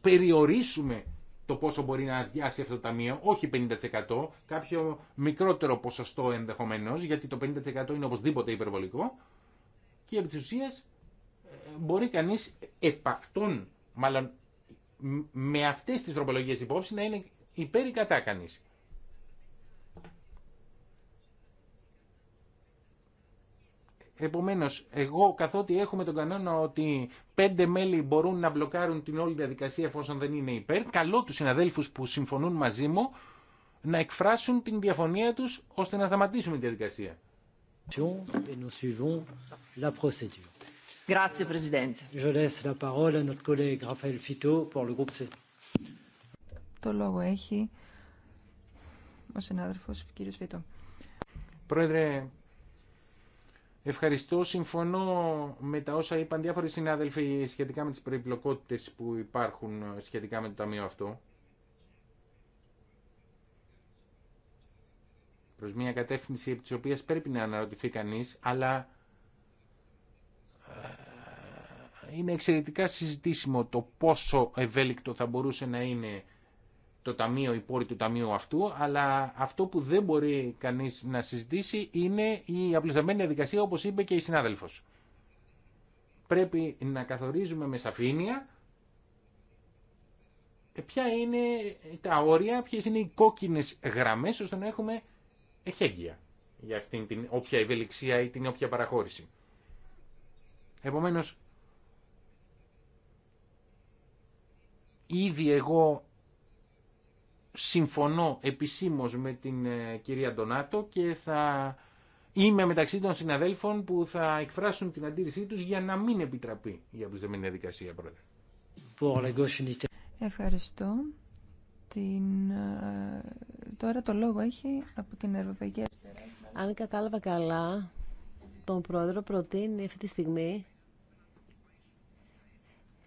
περιορίσουμε το πόσο μπορεί να αδειάσει αυτό το ταμείο, όχι 50%, κάποιο μικρότερο ποσοστό ενδεχομένως, γιατί το 50% είναι οπωσδήποτε υπερβολικό και επί της ουσίας ε, μπορεί κανείς επ' αυτών, μάλλον με αυτές τις τροπολογίες υπόψη, να είναι υπέρ ή κατά κανείς. Επομένως, εγώ καθότι έχουμε τον κανόνα ότι πέντε μέλη μπορούν να μπλοκάρουν την όλη διαδικασία εφόσον δεν είναι υπέρ, καλώ τους συναδέλφους που συμφωνούν μαζί μου να εκφράσουν την διαφωνία τους ώστε να σταματήσουμε τη διαδικασία. ο συνάδελφος Πρόεδρε, Ευχαριστώ. Συμφωνώ με τα όσα είπαν διάφοροι συνάδελφοι σχετικά με τις περιπλοκότητες που υπάρχουν σχετικά με το Ταμείο αυτό. Προς μια κατεύθυνση επί της πρέπει να αναρωτηθεί κανείς, αλλά ε, είναι εξαιρετικά συζητήσιμο το πόσο ευέλικτο θα μπορούσε να είναι το ταμείο, οι πόροι του ταμείου αυτού, αλλά αυτό που δεν μπορεί κανείς να συζητήσει είναι η απλουσταμένη διαδικασία, όπως είπε και η συνάδελφος. Πρέπει να καθορίζουμε με σαφήνεια ε, ποια είναι τα όρια, ποιε είναι οι κόκκινες γραμμές, ώστε να έχουμε εχέγγυα για αυτήν την όποια ευελιξία ή την όποια παραχώρηση. Επομένως, ήδη εγώ συμφωνώ επισήμως με την ε, κυρία Ντονάτο και θα είμαι μεταξύ των συναδέλφων που θα εκφράσουν την αντίρρησή τους για να μην επιτραπεί η αποσδεμένη διαδικασία Ευχαριστώ. Την... Ε, τώρα το λόγο έχει από την Ευρωπαϊκή Αν κατάλαβα καλά, τον πρόεδρο προτείνει αυτή τη στιγμή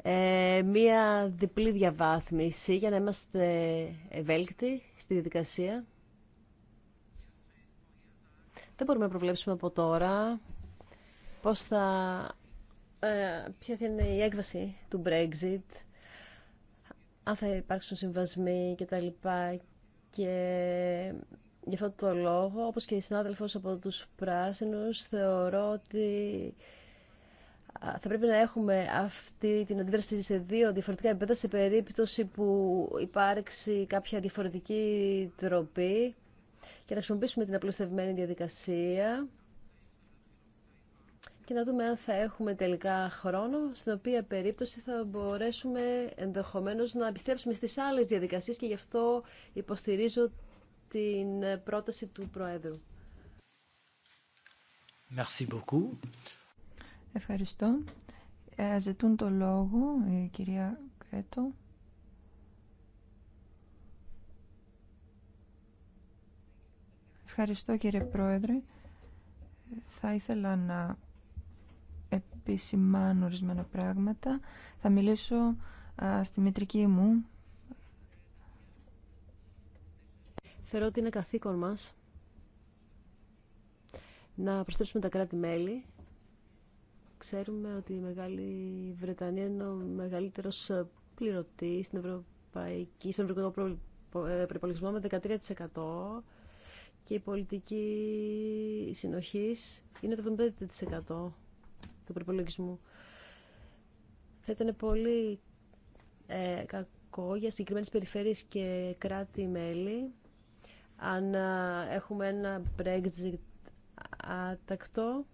ε, μία διπλή διαβάθμιση για να είμαστε ευέλικτοι στη διαδικασία. Δεν μπορούμε να προβλέψουμε από τώρα πώς θα, ε, ποια θα είναι η έκβαση του Brexit, αν θα υπάρξουν συμβασμοί Και, τα λοιπά. και γι' αυτό το λόγο, όπως και η συνάδελφος από τους Πράσινους, θεωρώ ότι θα πρέπει να έχουμε αυτή την αντίδραση σε δύο διαφορετικά επίπεδα σε περίπτωση που υπάρξει κάποια διαφορετική τροπή και να χρησιμοποιήσουμε την απλουστευμένη διαδικασία και να δούμε αν θα έχουμε τελικά χρόνο, στην οποία περίπτωση θα μπορέσουμε ενδεχομένως να επιστρέψουμε στις άλλες διαδικασίες και γι' αυτό υποστηρίζω την πρόταση του Προέδρου. Merci beaucoup. Ευχαριστώ. Ε, ζητούν το λόγο η κυρία Κρέτο. Ευχαριστώ κύριε Πρόεδρε. Θα ήθελα να επισημάνω ορισμένα πράγματα. Θα μιλήσω στη μητρική μου. Θεωρώ ότι είναι καθήκον μας να προσθέσουμε τα κράτη-μέλη Ξέρουμε ότι η Μεγάλη Βρετανία είναι ο μεγαλύτερος πληρωτή στην Ευρωπαϊκή, στον Ευρωπαϊκό ε, Προπολογισμό με 13% και η πολιτική συνοχής είναι το 75% του προπολογισμού. Θα ήταν πολύ ε, κακό για συγκεκριμένε περιφέρειες και κράτη-μέλη αν ε, έχουμε ένα Brexit ατακτό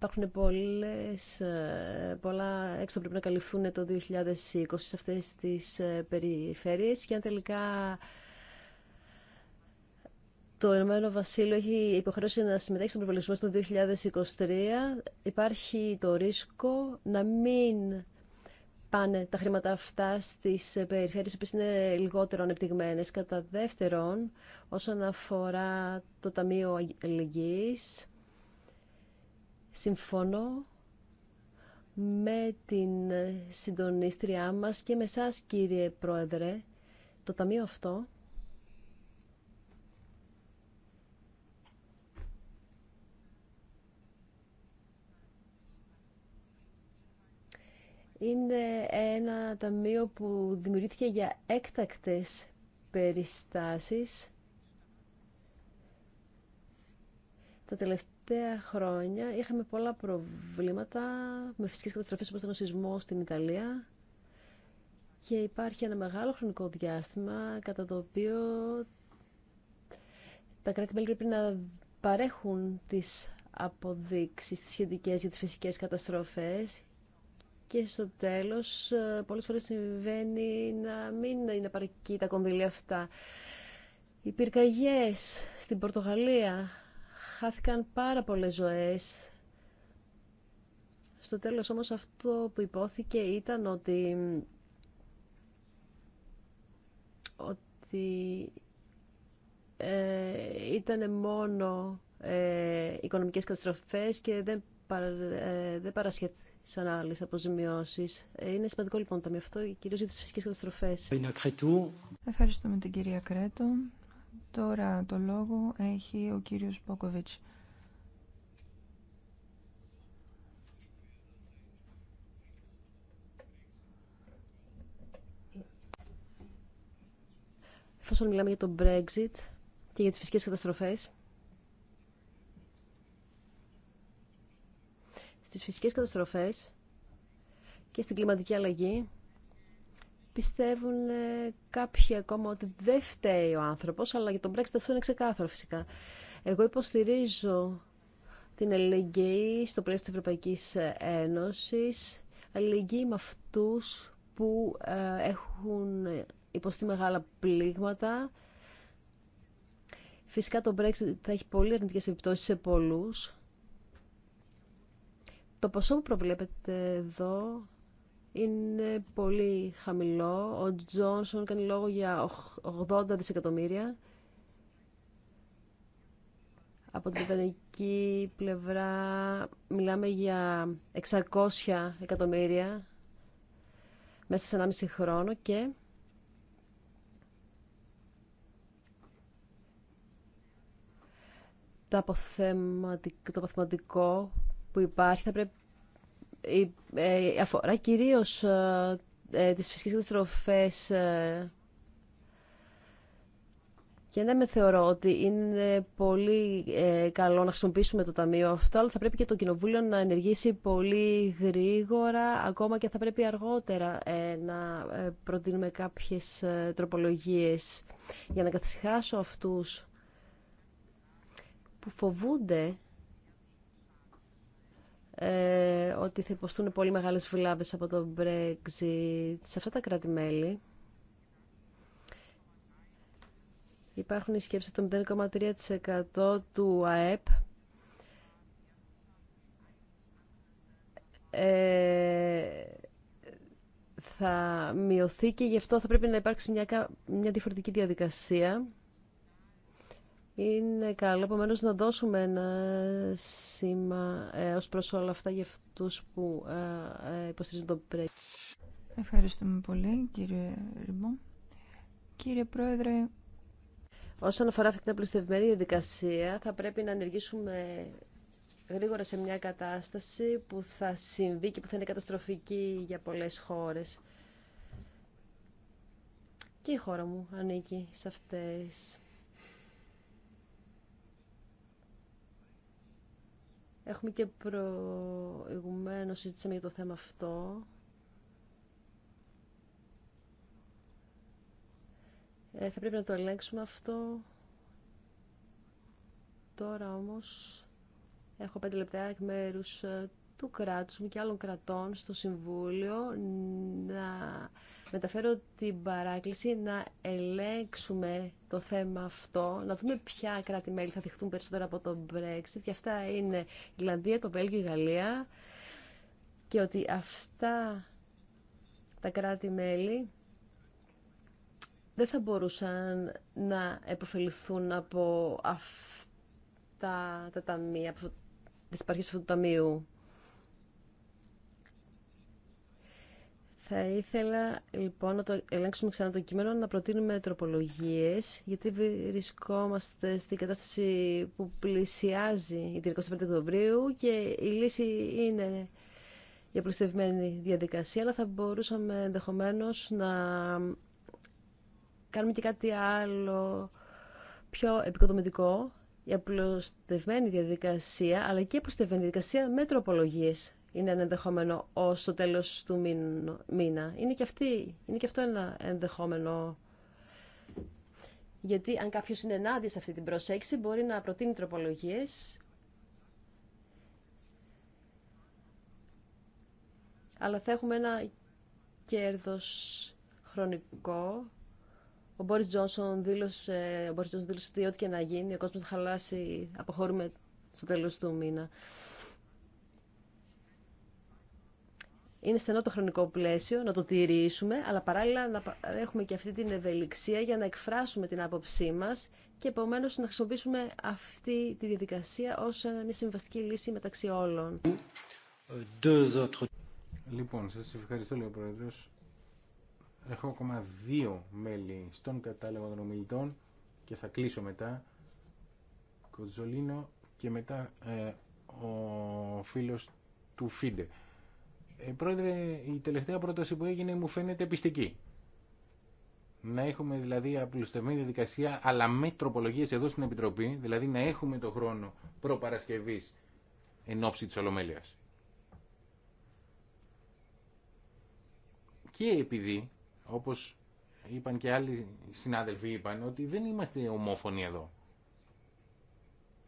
Υπάρχουν πολλές, ε, πολλά έξω που πρέπει να καλυφθούν το 2020 σε αυτές τις ε, περιφέρειες και αν τελικά το Ηνωμένο Βασίλειο έχει υποχρέωση να συμμετέχει στον προπολογισμό στο 2023. Υπάρχει το ρίσκο να μην πάνε τα χρήματα αυτά στις ε, περιφέρειες που είναι λιγότερο ανεπτυγμένες. Κατά δεύτερον, όσον αφορά το Ταμείο Αλληλεγγύης, συμφωνώ με την συντονίστριά μας και με σας κύριε Πρόεδρε. Το Ταμείο αυτό είναι ένα ταμείο που δημιουργήθηκε για έκτακτες περιστάσεις. Τα τελευταία τελευταία χρόνια είχαμε πολλά προβλήματα με φυσικές καταστροφές όπως τον σεισμό στην Ιταλία και υπάρχει ένα μεγάλο χρονικό διάστημα κατά το οποίο τα κράτη-μέλη πρέπει να παρέχουν τις αποδείξεις τις σχετικές για τις φυσικές καταστροφές και στο τέλος ε, πολλές φορές συμβαίνει να μην είναι παρακεί τα κονδύλια αυτά. Οι πυρκαγιές στην Πορτογαλία χάθηκαν πάρα πολλές ζωές. Στο τέλος όμως αυτό που υπόθηκε ήταν ότι, ότι ε, ήταν μόνο ε, οικονομικές καταστροφές και δεν, παρα, ε, δεν παρασχέθησαν άλλες αποζημιώσεις. Ε, είναι σημαντικό λοιπόν το ταμείο αυτό, κυρίως για τις φυσικές καταστροφές. Ευχαριστούμε την κυρία Κρέτο. Τώρα το λόγο έχει ο κύριος Μπόκοβιτς. Εφόσον μιλάμε για το Brexit και για τις φυσικές καταστροφές, στις φυσικές καταστροφές και στην κλιματική αλλαγή πιστεύουν ε, κάποιοι ακόμα ότι δεν φταίει ο άνθρωπος, αλλά για τον Brexit αυτό είναι ξεκάθαρο φυσικά. Εγώ υποστηρίζω την αλληλεγγύη στο πλαίσιο της Ευρωπαϊκής Ένωσης, αλληλεγγύη με αυτούς που ε, έχουν υποστεί μεγάλα πλήγματα. Φυσικά το Brexit θα έχει πολύ αρνητικές επιπτώσεις σε πολλούς. Το ποσό που προβλέπετε εδώ είναι πολύ χαμηλό. Ο Τζόνσον κάνει λόγο για 80 δισεκατομμύρια. Από την βρετανική πλευρά μιλάμε για 600 εκατομμύρια μέσα σε 1,5 χρόνο και το αποθεματικό που υπάρχει θα πρέπει ε, αφορά κυρίως ε, ε, τις φυσικές καταστροφές και ναι, με θεωρώ ότι είναι πολύ καλό να χρησιμοποιήσουμε το ταμείο αυτό, αλλά θα πρέπει και το Κοινοβούλιο να ενεργήσει πολύ γρήγορα, ακόμα και θα πρέπει αργότερα να προτείνουμε κάποιες τροπολογίες για να καθισχάσω αυτούς που φοβούνται ε, ότι θα υποστούν πολύ μεγάλες βλάβες από το Brexit σε αυτά τα κράτη-μέλη. Υπάρχουν οι σκέψεις των 0,3% του ΑΕΠ ε, θα μειωθεί και γι' αυτό θα πρέπει να υπάρξει μια, μια διαφορετική διαδικασία είναι καλό, επομένω να δώσουμε ένα σήμα ε, ως προς όλα αυτά για αυτούς που ε, ε υποστηρίζουν το πρέπει. Ευχαριστούμε πολύ κύριε Ριμπό. Κύριε Πρόεδρε, Όσον αφορά αυτή την απλουστευμένη διαδικασία, θα πρέπει να ενεργήσουμε γρήγορα σε μια κατάσταση που θα συμβεί και που θα είναι καταστροφική για πολλές χώρες. Και η χώρα μου ανήκει σε αυτές. Έχουμε και προηγουμένω συζήτησαμε για το θέμα αυτό. Ε, θα πρέπει να το ελέγξουμε αυτό. Τώρα όμως έχω πέντε λεπτά εκ μέρου ε, του κράτους μου και άλλων κρατών στο Συμβούλιο να μεταφέρω την παράκληση να ελέγξουμε το θέμα αυτό, να δούμε ποια κράτη-μέλη θα δεχτούν περισσότερο από το Brexit. Και αυτά είναι η Ιρλανδία, το Βέλγιο, η Γαλλία. Και ότι αυτά τα κράτη-μέλη δεν θα μπορούσαν να επωφεληθούν από αυτά τα ταμεία, από τις αυτού του ταμείου. Θα ήθελα λοιπόν να το ελέγξουμε ξανά το κείμενο, να προτείνουμε τροπολογίε γιατί βρισκόμαστε στην κατάσταση που πλησιάζει η 25 Οκτωβρίου και η λύση είναι η απλουστευμένη διαδικασία, αλλά θα μπορούσαμε ενδεχομένω να κάνουμε και κάτι άλλο πιο επικοδομητικό, η απλουστευμένη διαδικασία, αλλά και η απλουστευμένη διαδικασία με τροπολογίες είναι ένα ενδεχόμενο ως το τέλο του μήνα. Είναι και, αυτή, είναι αυτό ένα ενδεχόμενο. Γιατί αν κάποιο είναι ενάντια σε αυτή την προσέξη μπορεί να προτείνει τροπολογίε. αλλά θα έχουμε ένα κέρδο χρονικό. Ο Μπόρι Τζόνσον δήλωσε, ο Μπόρις Τζόνσον δήλωσε ότι ό,τι και να γίνει, ο κόσμος θα χαλάσει, αποχωρούμε στο τέλο του μήνα. είναι στενό το χρονικό πλαίσιο, να το τηρήσουμε, αλλά παράλληλα να έχουμε και αυτή την ευελιξία για να εκφράσουμε την άποψή μας και επομένως να χρησιμοποιήσουμε αυτή τη διαδικασία ως μια συμβαστική λύση μεταξύ όλων. Λοιπόν, σας ευχαριστώ, λίγο Έχω ακόμα δύο μέλη στον κατάλογο των ομιλητών και θα κλείσω μετά. Κοτζολίνο και μετά ε, ο φίλος του Φίντε. Ε, πρόεδρε, η τελευταία πρόταση που έγινε μου φαίνεται πιστική. Να έχουμε δηλαδή απλουστευμένη διαδικασία, αλλά με τροπολογίε εδώ στην Επιτροπή, δηλαδή να έχουμε το χρόνο προπαρασκευή εν ώψη τη Ολομέλεια. Και επειδή, όπω είπαν και άλλοι συνάδελφοι, είπαν ότι δεν είμαστε ομόφωνοι εδώ.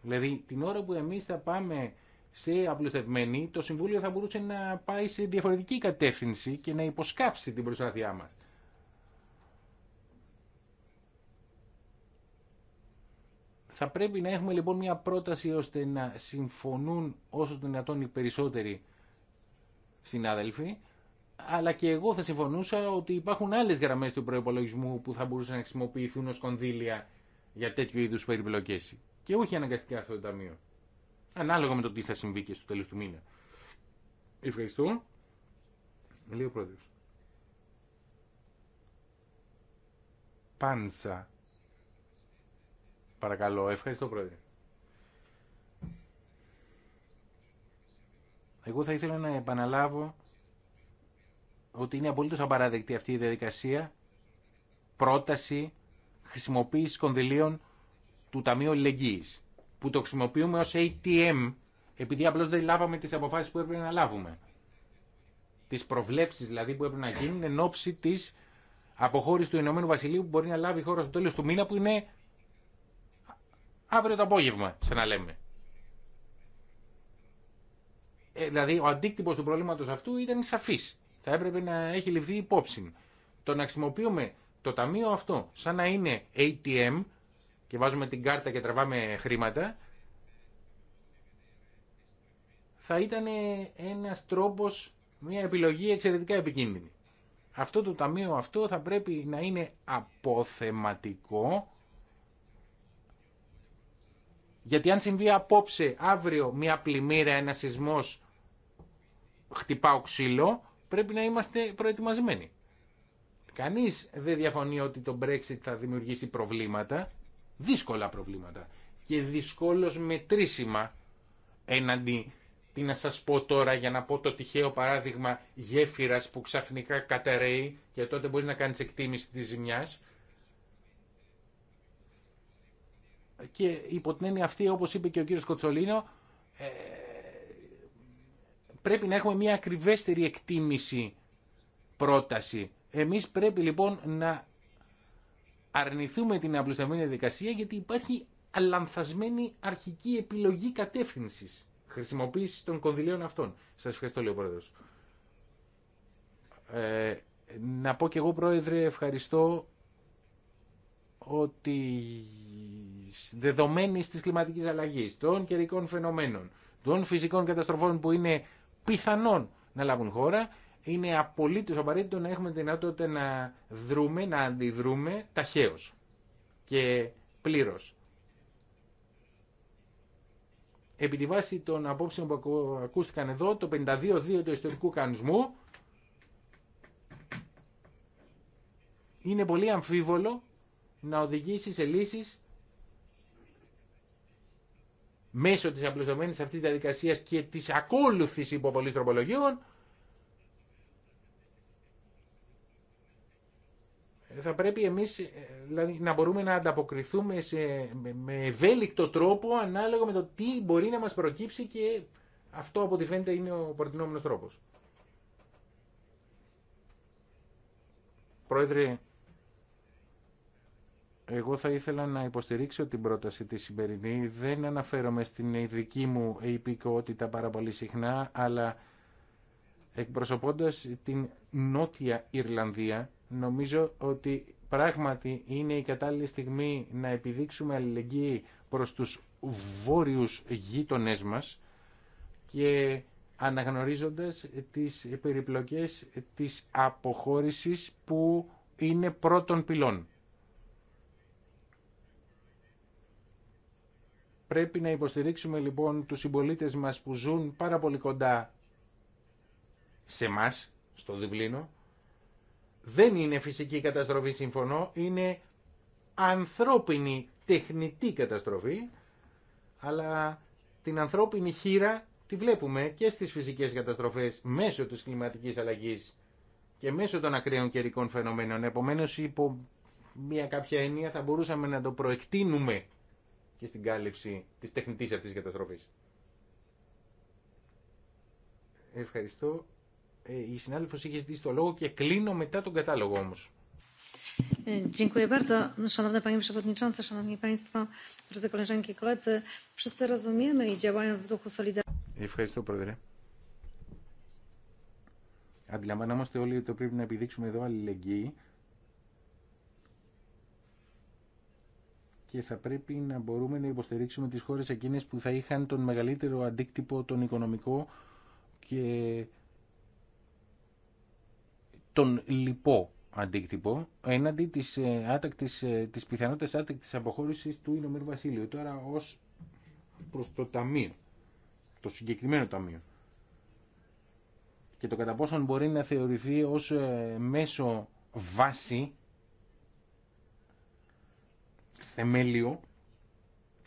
Δηλαδή, την ώρα που εμεί θα πάμε σε απλουστευμένη, το Συμβούλιο θα μπορούσε να πάει σε διαφορετική κατεύθυνση και να υποσκάψει την προσπάθειά μα. Θα πρέπει να έχουμε λοιπόν μια πρόταση ώστε να συμφωνούν όσο το δυνατόν οι περισσότεροι συνάδελφοι, αλλά και εγώ θα συμφωνούσα ότι υπάρχουν άλλες γραμμές του προϋπολογισμού που θα μπορούσαν να χρησιμοποιηθούν ως κονδύλια για τέτοιου είδους περιπλοκές. Και όχι αναγκαστικά αυτό το ταμείο ανάλογα με το τι θα συμβεί και στο τέλο του μήνα. Ευχαριστώ. Λέει Πάνσα. Παρακαλώ. Ευχαριστώ πρόεδρε. Εγώ θα ήθελα να επαναλάβω ότι είναι απολύτω απαράδεκτη αυτή η διαδικασία πρόταση χρησιμοποίηση κονδυλίων του Ταμείου Λεγγύης που το χρησιμοποιούμε ως ATM επειδή απλώς δεν λάβαμε τις αποφάσεις που έπρεπε να λάβουμε. Τις προβλέψεις δηλαδή που έπρεπε να γίνουν εν ώψη της αποχώρησης του Ηνωμένου Βασιλείου που μπορεί να λάβει η χώρα στο τέλος του μήνα που είναι αύριο το απόγευμα, σε να λέμε. Ε, δηλαδή ο αντίκτυπος του προβλήματος αυτού ήταν σαφής. Θα έπρεπε να έχει ληφθεί υπόψη. Το να χρησιμοποιούμε το ταμείο αυτό σαν να είναι ATM και βάζουμε την κάρτα και τραβάμε χρήματα, θα ήταν ένας τρόπος, μια επιλογή εξαιρετικά επικίνδυνη. Αυτό το ταμείο αυτό θα πρέπει να είναι αποθεματικό, γιατί αν συμβεί απόψε, αύριο, μια πλημμύρα, ένα σεισμός, χτυπάω ξύλο, πρέπει να είμαστε προετοιμασμένοι. Κανείς δεν διαφωνεί ότι το Brexit θα δημιουργήσει προβλήματα, δύσκολα προβλήματα και δυσκόλως μετρήσιμα έναντι τι να σας πω τώρα για να πω το τυχαίο παράδειγμα γέφυρας που ξαφνικά καταραίει και τότε μπορείς να κάνεις εκτίμηση της ζημιάς. Και υπό την έννοια αυτή, όπως είπε και ο κύριος Κοτσολίνο, ε, πρέπει να έχουμε μια ακριβέστερη εκτίμηση πρόταση. Εμείς πρέπει λοιπόν να αρνηθούμε την απλουστευμένη διαδικασία γιατί υπάρχει αλανθασμένη αρχική επιλογή κατεύθυνση χρησιμοποίηση των κονδυλίων αυτών. Σα ευχαριστώ, λέει ο Ε, να πω και εγώ, Πρόεδρε, ευχαριστώ ότι δεδομένη της κλιματική αλλαγή των καιρικών φαινομένων, των φυσικών καταστροφών που είναι πιθανόν να λάβουν χώρα, είναι απολύτως απαραίτητο να έχουμε δυνατότητα να δρούμε, να αντιδρούμε ταχαίως και πλήρως. Επί τη βάση των απόψεων που ακούστηκαν εδώ, το 52-2 του ιστορικού κανονισμού είναι πολύ αμφίβολο να οδηγήσει σε λύσεις μέσω της απλουστομένης αυτής της διαδικασίας και της ακόλουθης υποβολής τροπολογίων θα πρέπει εμείς ε, δηλαδή, να μπορούμε να ανταποκριθούμε σε, με ευέλικτο τρόπο ανάλογα με το τι μπορεί να μας προκύψει και αυτό από ό,τι φαίνεται είναι ο προτινόμενος τρόπος. Πρόεδρε, εγώ θα ήθελα να υποστηρίξω την πρόταση της σημερινή. Δεν αναφέρομαι στην ειδική μου υπηκότητα πάρα πολύ συχνά, αλλά εκπροσωπώντας την Νότια Ιρλανδία, Νομίζω ότι πράγματι είναι η κατάλληλη στιγμή να επιδείξουμε αλληλεγγύη προς τους βόρειους γείτονές μας και αναγνωρίζοντας τις περιπλοκές της αποχώρησης που είναι πρώτων πυλών. Πρέπει να υποστηρίξουμε λοιπόν τους συμπολίτε μας που ζουν πάρα πολύ κοντά σε μας στο Διβλίνο δεν είναι φυσική καταστροφή, συμφωνώ, είναι ανθρώπινη τεχνητή καταστροφή, αλλά την ανθρώπινη χείρα τη βλέπουμε και στις φυσικές καταστροφές μέσω της κλιματικής αλλαγής και μέσω των ακραίων καιρικών φαινομένων. Επομένως, υπό μια κάποια έννοια θα μπορούσαμε να το προεκτείνουμε και στην κάλυψη της τεχνητής αυτής καταστροφής. Ευχαριστώ. Ε, η συνάδελφος είχε ζητήσει το λόγο και κλείνω μετά τον κατάλογο όμω. Ε, dziękuję bardzo. Szanowny Panie Przewodniczący, Ευχαριστώ, Πρόεδρε. Αντιλαμβανόμαστε όλοι ότι πρέπει να επιδείξουμε εδώ αλληλεγγύη και θα πρέπει να μπορούμε να υποστηρίξουμε τις χώρες εκείνες που θα είχαν τον μεγαλύτερο αντίκτυπο τον οικονομικό και τον λοιπό αντίκτυπο έναντι της, ε, άτακτης, ε, της πιθανότητας άτακτης αποχώρησης του Ηνωμένου Βασίλειου τώρα ως προς το ταμείο το συγκεκριμένο ταμείο και το κατά πόσον μπορεί να θεωρηθεί ως ε, μέσο βάση θεμέλιο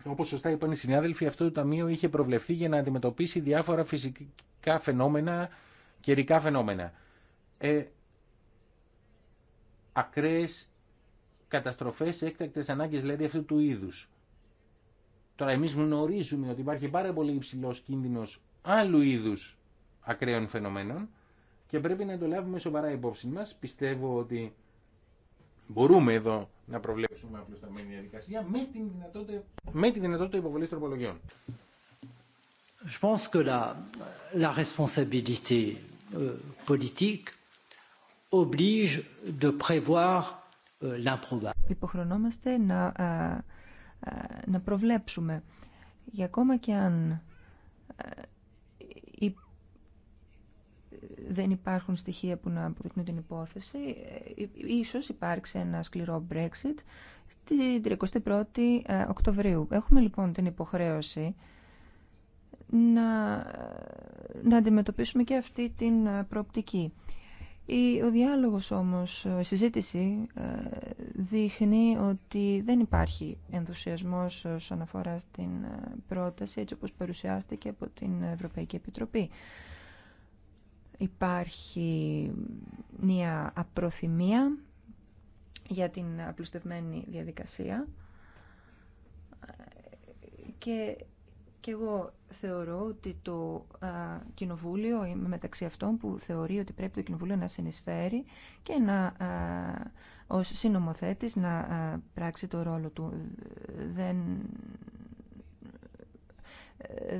όπως σωστά είπαν οι συνάδελφοι αυτό το ταμείο είχε προβλεφθεί για να αντιμετωπίσει διάφορα φυσικά φαινόμενα καιρικά φαινόμενα ε, ακραίες καταστροφές, έκτακτες ανάγκες δηλαδή αυτού του είδους. Τώρα εμείς γνωρίζουμε ότι υπάρχει πάρα πολύ υψηλός κίνδυνος άλλου είδους ακραίων φαινομένων και πρέπει να το λάβουμε σοβαρά υπόψη μας. Πιστεύω ότι μπορούμε εδώ να προβλέψουμε απλουσταμένη διαδικασία με, δυνατότητα, τη δυνατότητα υποβολής τροπολογιών. Je pense que la, la responsabilité euh, politique oblige euh, Υποχρονόμαστε να, ε, ε, να προβλέψουμε. Για ακόμα και αν ε, δεν υπάρχουν στοιχεία που να αποδεικνύουν την υπόθεση, ίσως υπάρξει ένα σκληρό Brexit την 31η Οκτωβρίου. Έχουμε λοιπόν την υποχρέωση να, να αντιμετωπίσουμε και αυτή την προοπτική. Ο διάλογος όμως, ε, η συζήτηση ε, δείχνει ότι δεν υπάρχει ενθουσιασμός όσον αφορά στην ε, πρόταση έτσι όπως παρουσιάστηκε από την Ευρωπαϊκή Επιτροπή. Υπάρχει μια απροθυμία για την απλουστευμένη διαδικασία και και εγώ θεωρώ ότι το Κοινοβούλιο, είμαι μεταξύ αυτών που θεωρεί ότι πρέπει το Κοινοβούλιο να συνεισφέρει και να, α, ως συνομοθέτης να πράξει το ρόλο του. Δεν,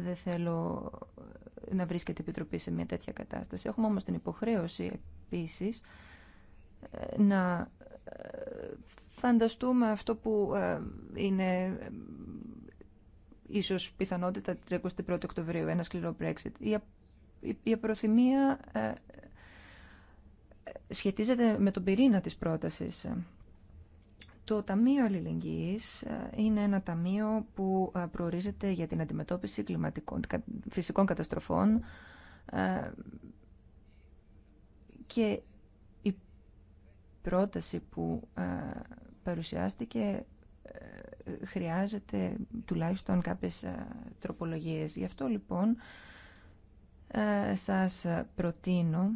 δεν θέλω να βρίσκεται η Επιτροπή σε μια τέτοια κατάσταση. Έχουμε όμως την υποχρέωση επίσης ε, να ε, φανταστούμε αυτό που ε, είναι ίσως πιθανότητα 31 Οκτωβρίου, ένα σκληρό Brexit. Η απροθυμία ε, ε, σχετίζεται με τον πυρήνα της πρότασης. Το Ταμείο Αλληλεγγύης ε, είναι ένα ταμείο που προορίζεται για την αντιμετώπιση κλιματικών, φυσικών καταστροφών και η πρόταση που παρουσιάστηκε χρειάζεται τουλάχιστον κάποιες ε, τροπολογίες. Γι' αυτό λοιπόν ε, σας προτείνω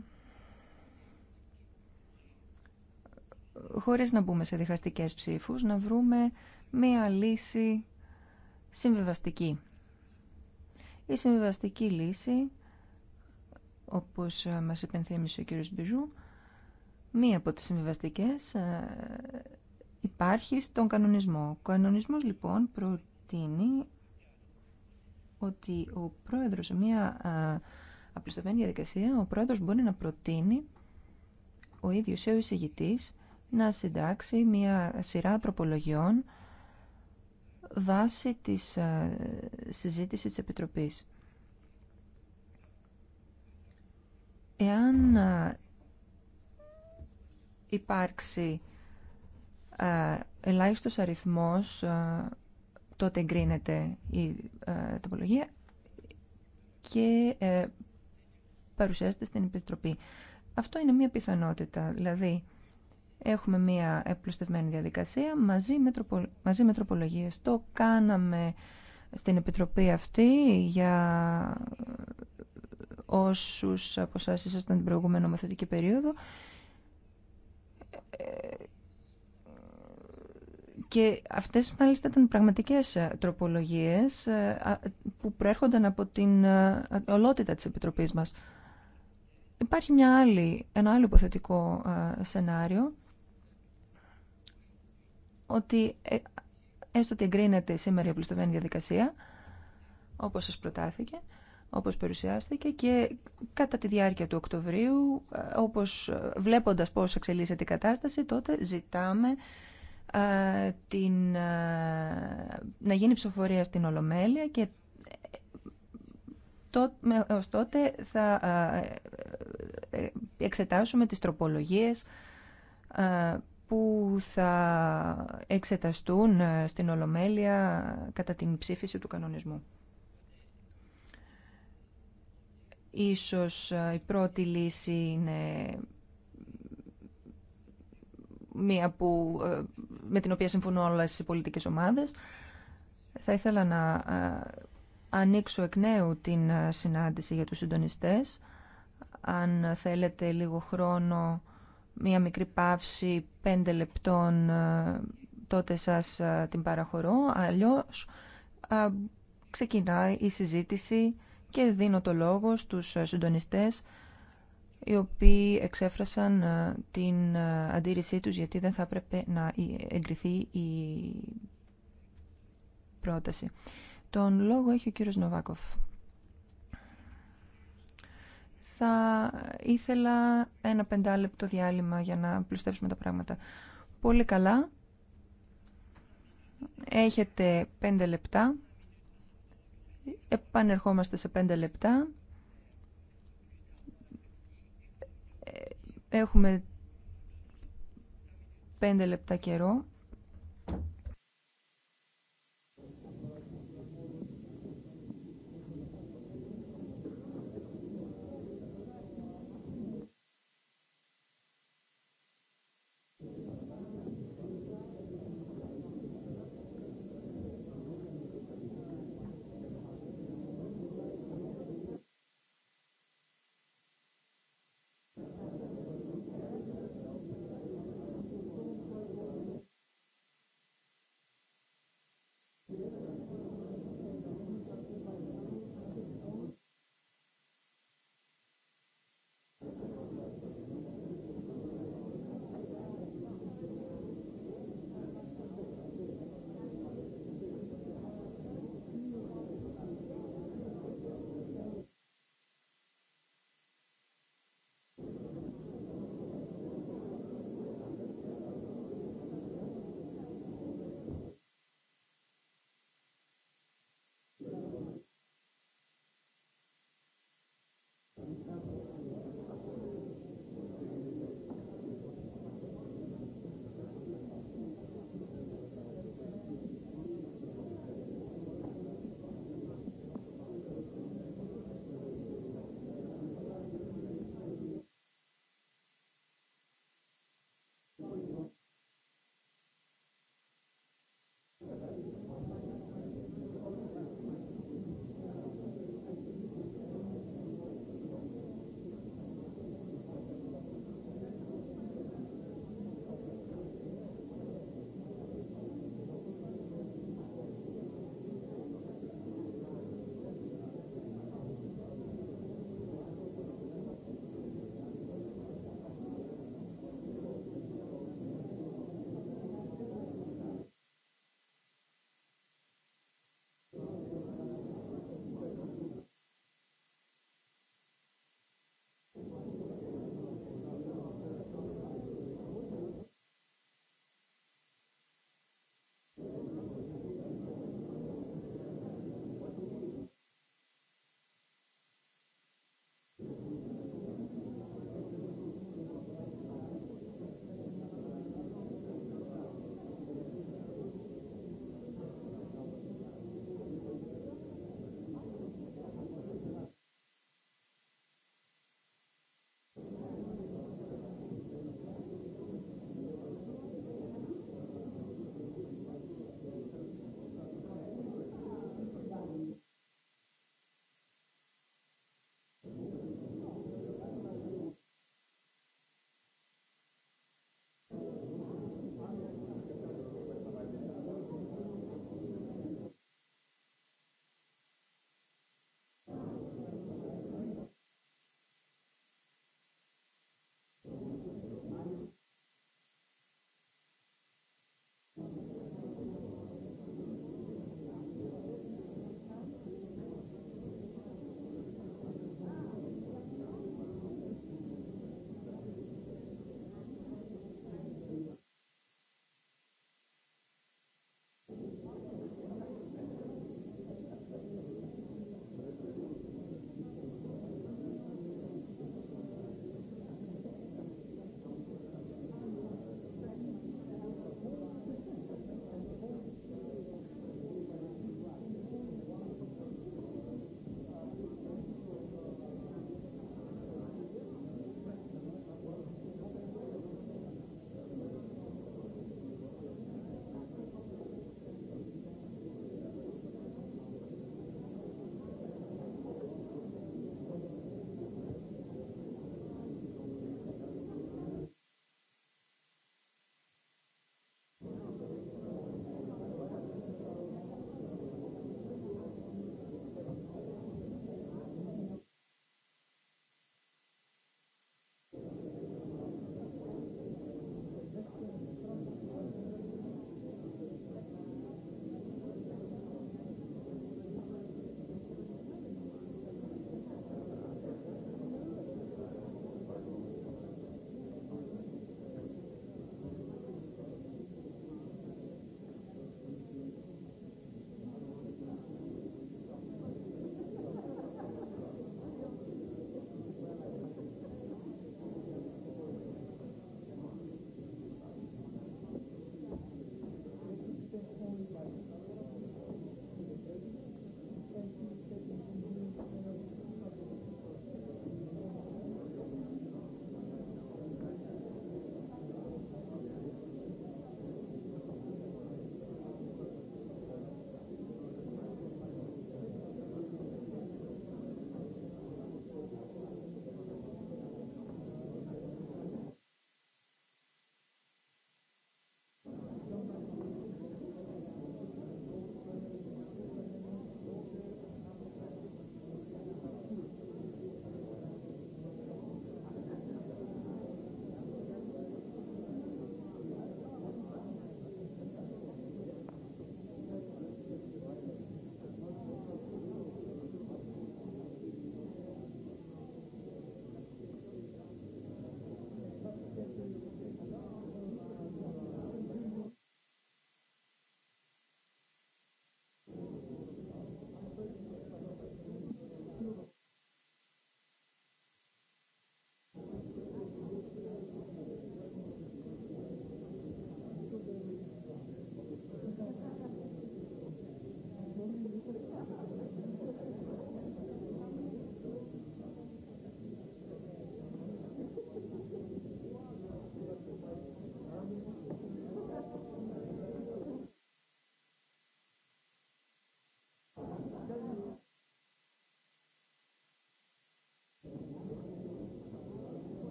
χωρίς να μπούμε σε διχαστικές ψήφους, να βρούμε μία λύση συμβιβαστική. Η συμβιβαστική λύση, όπως ε, μας υπενθύμισε ο κύριος Μπιζού, μία από τις συμβιβαστικές υπάρχει στον κανονισμό. Ο κανονισμός λοιπόν προτείνει ότι ο πρόεδρος σε μια απλουστευμένη διαδικασία, ο πρόεδρος μπορεί να προτείνει ο ίδιος ή ο εισηγητής να συντάξει μια σειρά τροπολογιών βάσει της συζήτησης της Επιτροπής. Εάν υπάρξει ε, ελάχιστος αριθμός ε, τότε εγκρίνεται η ε, τοπολογία και παρουσιάζεται στην Επιτροπή. Αυτό είναι μία πιθανότητα, δηλαδή έχουμε μία επλουστευμένη διαδικασία μαζί με, τροπο, τροπολογίες. Το κάναμε στην Επιτροπή αυτή για όσους από εσάς ήσασταν την προηγούμενη νομοθετική περίοδο και αυτές μάλιστα ήταν πραγματικές ε, τροπολογίες ε, που προέρχονταν από την ε, ολότητα της Επιτροπής μας. Υπάρχει μια άλλη, ένα άλλο υποθετικό σενάριο, ότι έστω ότι εγκρίνεται σήμερα η απλουστευμένη διαδικασία, όπως σας προτάθηκε, όπως περιουσιάστηκε και κατά τη διάρκεια του Οκτωβρίου, όπως βλέποντας πώς εξελίσσεται η κατάσταση, τότε ζητάμε ε, την, ε, να γίνει ψηφοφορία στην Ολομέλεια και ω ε, ως τότε θα εξετάσουμε τις τροπολογίες που θα εξεταστούν στην Ολομέλεια κατά την ψήφιση του κανονισμού. Ίσως η πρώτη λύση είναι μία που, ε, με την οποία συμφωνούν όλε οι πολιτικές ομάδες. Θα ήθελα να ε, ανοίξω εκ νέου την ε, συνάντηση για τους συντονιστές. Αν θέλετε λίγο χρόνο, μία μικρή παύση πέντε λεπτών, τότε σας την παραχωρώ. Αλλιώς ξεκινάει η συζήτηση και δίνω το λόγο στους συντονιστές οι οποίοι εξέφρασαν ε, την ε, αντίρρησή τους γιατί δεν θα έπρεπε να εγκριθεί η πρόταση. Τον λόγο έχει ο κύριος Νοβάκοφ. Θα ήθελα ένα πεντάλεπτο διάλειμμα για να πλουστεύσουμε τα πράγματα. Πολύ καλά. Έχετε πέντε λεπτά. Επανερχόμαστε σε πέντε λεπτά Έχουμε πέντε λεπτά καιρό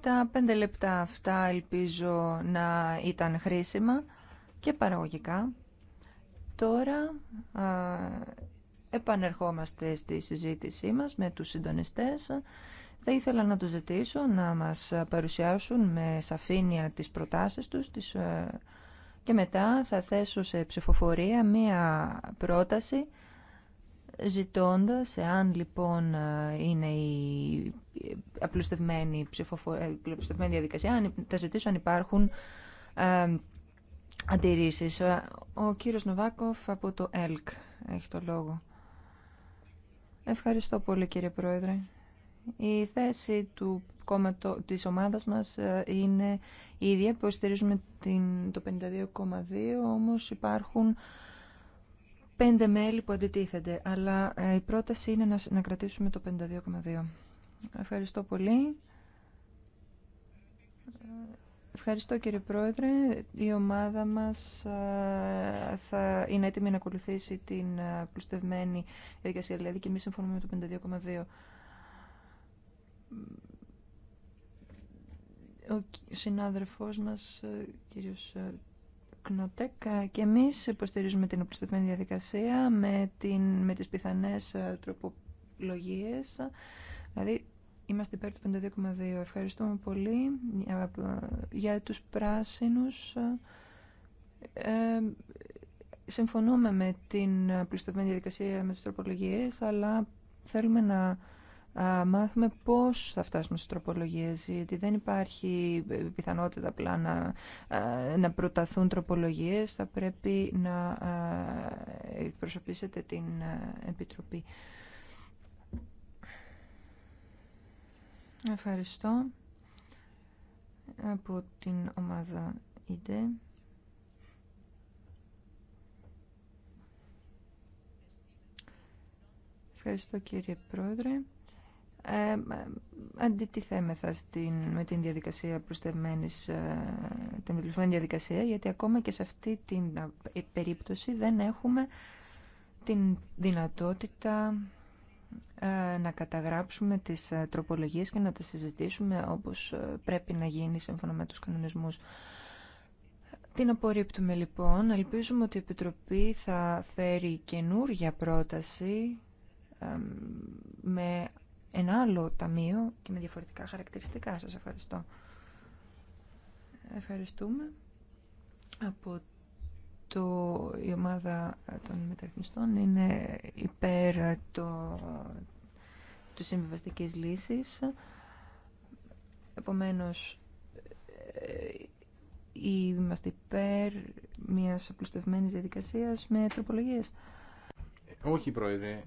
Τα πέντε λεπτά αυτά ελπίζω να ήταν χρήσιμα και παραγωγικά. Τώρα επανερχόμαστε στη συζήτησή μας με τους συντονιστές. Θα ήθελα να τους ζητήσω να μας παρουσιάσουν με σαφήνεια τις προτάσεις τους ε, και μετά θα θέσω σε ψηφοφορία μία πρόταση ζητώντας εάν λοιπόν ε, είναι η απλουστευμένη, ψηφοφο... Ε, απλουστευμένη διαδικασία, αν... θα ζητήσω αν υπάρχουν ε, αντιρρήσεις. Ο κύριος Νοβάκοφ από το ΕΛΚ έχει το λόγο. Ευχαριστώ πολύ κύριε Πρόεδρε. Η θέση του κόμματο, της ομάδας μας ε, είναι η ίδια. Ε, υποστηρίζουμε την, το 52,2, όμως υπάρχουν πέντε μέλη που αντιτίθενται. Αλλά ε, η πρόταση είναι να, να κρατήσουμε το 52,2. Ευχαριστώ πολύ. Ευχαριστώ κύριε Πρόεδρε. Η ομάδα μας ε, θα είναι έτοιμη να ακολουθήσει την ε, πλουστευμένη διαδικασία. Δηλαδή και εμείς συμφωνούμε με το 52,2. Ο συνάδελφός μας, ε, κύριος Κνοτέκ, και εμείς υποστηρίζουμε την πλουστευμένη διαδικασία με, την, με τις πιθανές τροπολογίες. Δηλαδή Είμαστε υπέρ του 52,2. Ευχαριστούμε πολύ ε, για τους πράσινους. Ε, συμφωνούμε με την πληστοποιημένη διαδικασία με τις τροπολογίες, αλλά θέλουμε να ε, μάθουμε πώς θα φτάσουμε στις τροπολογίες, γιατί δεν υπάρχει πιθανότητα απλά να, να προταθούν τροπολογίες, θα πρέπει να εκπροσωπήσετε την Επιτροπή. Ευχαριστώ από την ομάδα ΙΔΕ. Ευχαριστώ κύριε Πρόεδρε. Ε, ε, αντιτιθέμεθα στην, με την διαδικασία προστευμένης, ε, την προστευμένη διαδικασία, γιατί ακόμα και σε αυτή την ε, περίπτωση δεν έχουμε την δυνατότητα ε, να καταγράψουμε τις ε, τροπολογίες και να τα συζητήσουμε όπως ε, πρέπει να γίνει σύμφωνα με τους κανονισμούς. Την απορρίπτουμε λοιπόν. Ελπίζουμε ότι η Επιτροπή θα φέρει καινούργια πρόταση με ένα άλλο ταμείο και με διαφορετικά χαρακτηριστικά. Σας ευχαριστώ. Ευχαριστούμε. Από το, η ομάδα των μεταρρυθμιστών είναι υπέρ το, του συμβιβαστικής λύσης. Επομένως, ε, είμαστε υπέρ μιας απλουστευμένης διαδικασίας με τροπολογίες. Όχι, Πρόεδρε,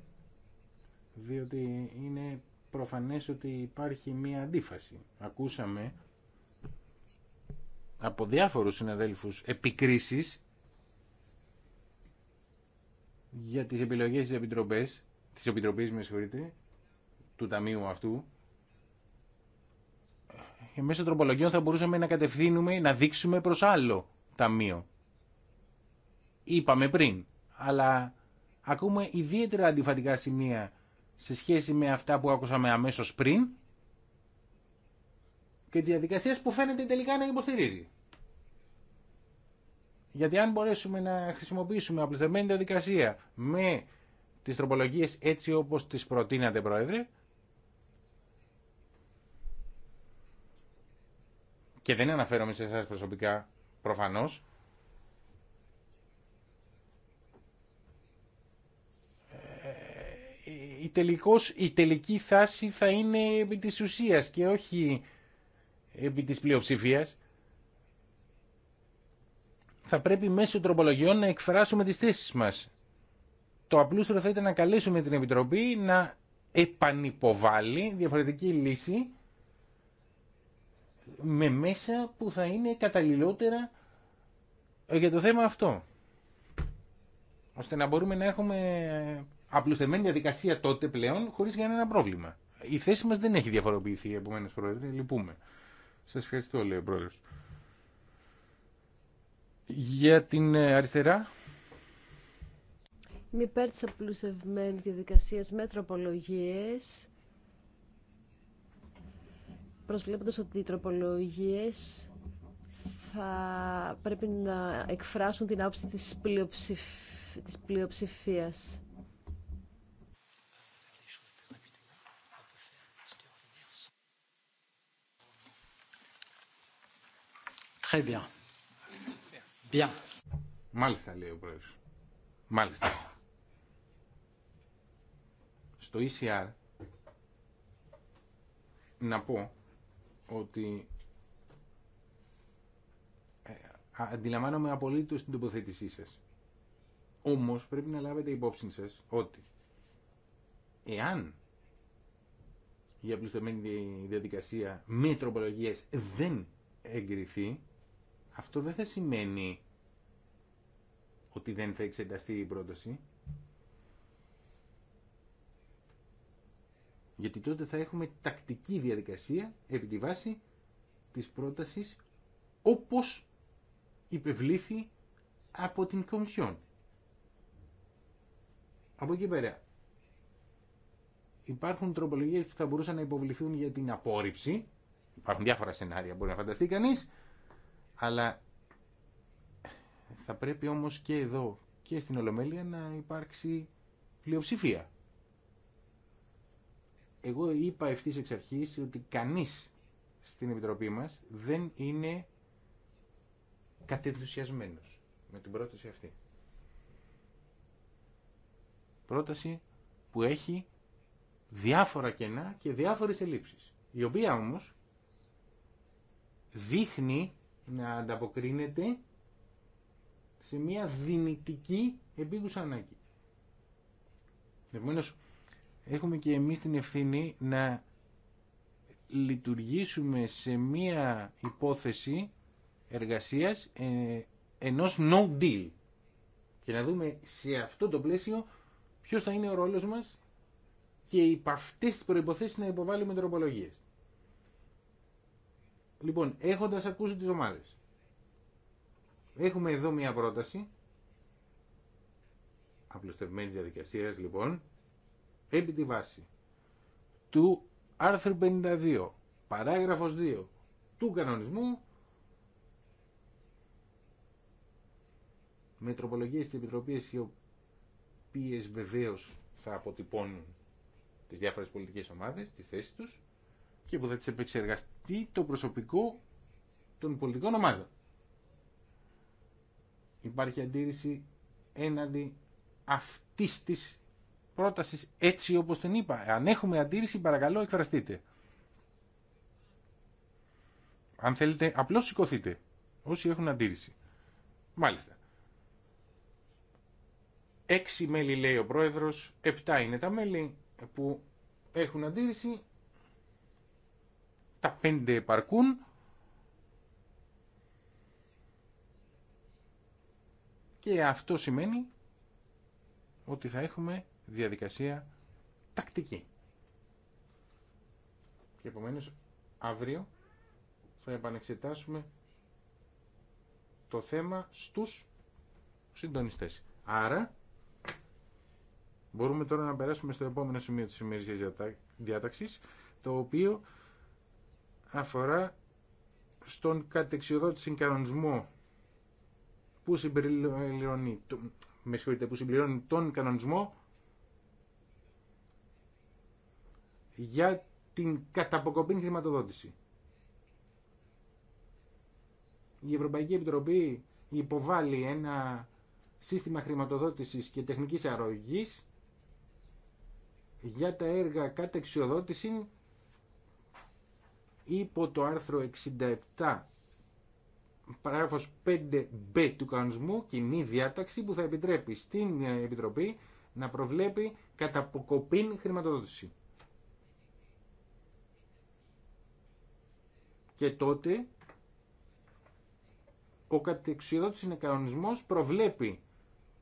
διότι είναι προφανές ότι υπάρχει μία αντίφαση. Ακούσαμε από διάφορους συναδέλφους επικρίσεις για τις επιλογές της Επιτροπής, της Επιτροπής με του Ταμείου αυτού, ε, μέσω τροπολογιών θα μπορούσαμε να κατευθύνουμε, να δείξουμε προς άλλο ταμείο. Είπαμε πριν, αλλά ακούμε ιδιαίτερα αντιφατικά σημεία σε σχέση με αυτά που άκουσαμε αμέσως πριν και τη διαδικασία που φαίνεται τελικά να υποστηρίζει. Γιατί αν μπορέσουμε να χρησιμοποιήσουμε απλουστευμένη διαδικασία με τις τροπολογίες έτσι όπως τις προτείνατε Πρόεδρε και δεν αναφέρομαι σε εσάς προσωπικά προφανώς ε, η, τελικός, η τελική θάση θα είναι επί της ουσίας και όχι επί της πλειοψηφίας θα πρέπει μέσω τροπολογιών να εκφράσουμε τις θέσει μας. Το απλούστερο θα ήταν να καλέσουμε την Επιτροπή να επανυποβάλει διαφορετική λύση με μέσα που θα είναι καταλληλότερα για το θέμα αυτό. Ώστε να μπορούμε να έχουμε απλουστεμένη διαδικασία τότε πλέον χωρίς κανένα πρόβλημα. Η θέση μας δεν έχει διαφοροποιηθεί, επομένως, Πρόεδρε, λυπούμε. Σας ευχαριστώ, λέει ο Πρόεδρος. Για την ε, αριστερά. Μη υπέρ τη απλουστευμένη διαδικασία με τροπολογίε. Προσβλέποντα ότι οι τροπολογίε θα πρέπει να εκφράσουν την άποψη της, πλειοψηφ πια. Μάλιστα, λέει ο πρόεδρος. Μάλιστα. Στο ECR να πω ότι ε, αντιλαμβάνομαι απολύτως την τοποθέτησή σας. Όμως πρέπει να λάβετε υπόψη σας ότι εάν η απλουστευμένη διαδικασία με τροπολογίες δεν εγκριθεί, αυτό δεν θα σημαίνει ότι δεν θα εξεταστεί η πρόταση. Γιατί τότε θα έχουμε τακτική διαδικασία επί τη βάση της πρότασης όπως υπευλήθη από την Κομισιόν. Από εκεί πέρα υπάρχουν τροπολογίες που θα μπορούσαν να υποβληθούν για την απόρριψη. Υπάρχουν διάφορα σενάρια, μπορεί να φανταστεί κανείς. Αλλά θα πρέπει όμως και εδώ και στην Ολομέλεια να υπάρξει πλειοψηφία. Εγώ είπα ευθύς εξ αρχής ότι κανείς στην Επιτροπή μας δεν είναι κατενθουσιασμένος με την πρόταση αυτή. Πρόταση που έχει διάφορα κενά και διάφορες ελλείψεις. Η οποία όμως δείχνει να ανταποκρίνεται σε μια δυνητική επίγουσα ανάγκη. Επομένως, έχουμε και εμείς την ευθύνη να λειτουργήσουμε σε μια υπόθεση εργασίας ε, ενός no deal και να δούμε σε αυτό το πλαίσιο ποιος θα είναι ο ρόλος μας και υπ' αυτές τις προϋποθέσεις να υποβάλουμε τροπολογίες. Λοιπόν, έχοντα ακούσει τις ομάδες, έχουμε εδώ μια πρόταση, Απλουστευμένη διαδικασία. λοιπόν, επί τη βάση του άρθρου 52, παράγραφος 2 του κανονισμού, με τροπολογίες της Επιτροπής οι οποίε βεβαίω θα αποτυπώνουν τις διάφορες πολιτικές ομάδες, τις θέσεις τους, και που θα τις επεξεργαστεί το προσωπικό των πολιτικών ομάδων. Υπάρχει αντίρρηση έναντι αυτής της πρότασης έτσι όπως την είπα. Αν έχουμε αντίρρηση παρακαλώ εκφραστείτε. Αν θέλετε απλώς σηκωθείτε όσοι έχουν αντίρρηση. Μάλιστα. Έξι μέλη λέει ο πρόεδρος, επτά είναι τα μέλη που έχουν αντίρρηση, τα πέντε επαρκούν και αυτό σημαίνει ότι θα έχουμε διαδικασία τακτική. Και επομένως αύριο θα επανεξετάσουμε το θέμα στους συντονιστές. Άρα μπορούμε τώρα να περάσουμε στο επόμενο σημείο της σημερινής διάταξης, το οποίο αφορά στον κατεξιοδότη συγκανονισμό που συμπληρώνει, με που συμπληρώνει τον κανονισμό για την καταποκοπή χρηματοδότηση. Η Ευρωπαϊκή Επιτροπή υποβάλλει ένα σύστημα χρηματοδότησης και τεχνικής αρρωγής για τα έργα κατεξιοδότηση υπό το άρθρο 67 παράγραφος 5b του κανονισμού κοινή διάταξη που θα επιτρέπει στην Επιτροπή να προβλέπει κατά χρηματοδότηση. Και τότε ο κατεξιδότης είναι κανονισμός προβλέπει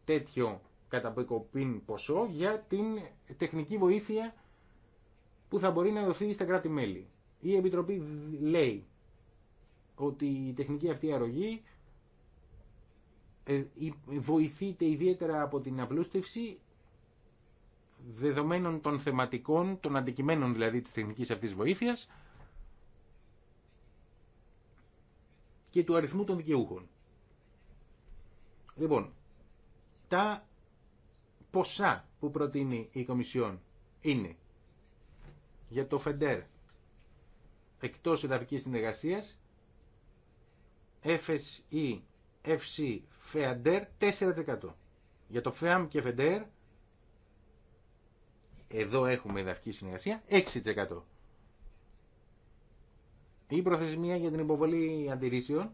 τέτοιο κατά ποσό για την τεχνική βοήθεια που θα μπορεί να δοθεί στα κράτη-μέλη. Η Επιτροπή λέει ότι η τεχνική αυτή αρρωγή ε, βοηθείται ιδιαίτερα από την απλούστευση δεδομένων των θεματικών, των αντικειμένων δηλαδή της τεχνικής αυτής βοήθειας και του αριθμού των δικαιούχων. Λοιπόν, τα ποσά που προτείνει η Κομισιόν είναι για το ΦΕΝΤΕΡ εκτός εδαφικής συνεργασίας FSE, FC, FEADER 4% για το FEAM και FEDER εδώ έχουμε εδαφική συνεργασία 6% η προθεσμία για την υποβολή αντιρρήσεων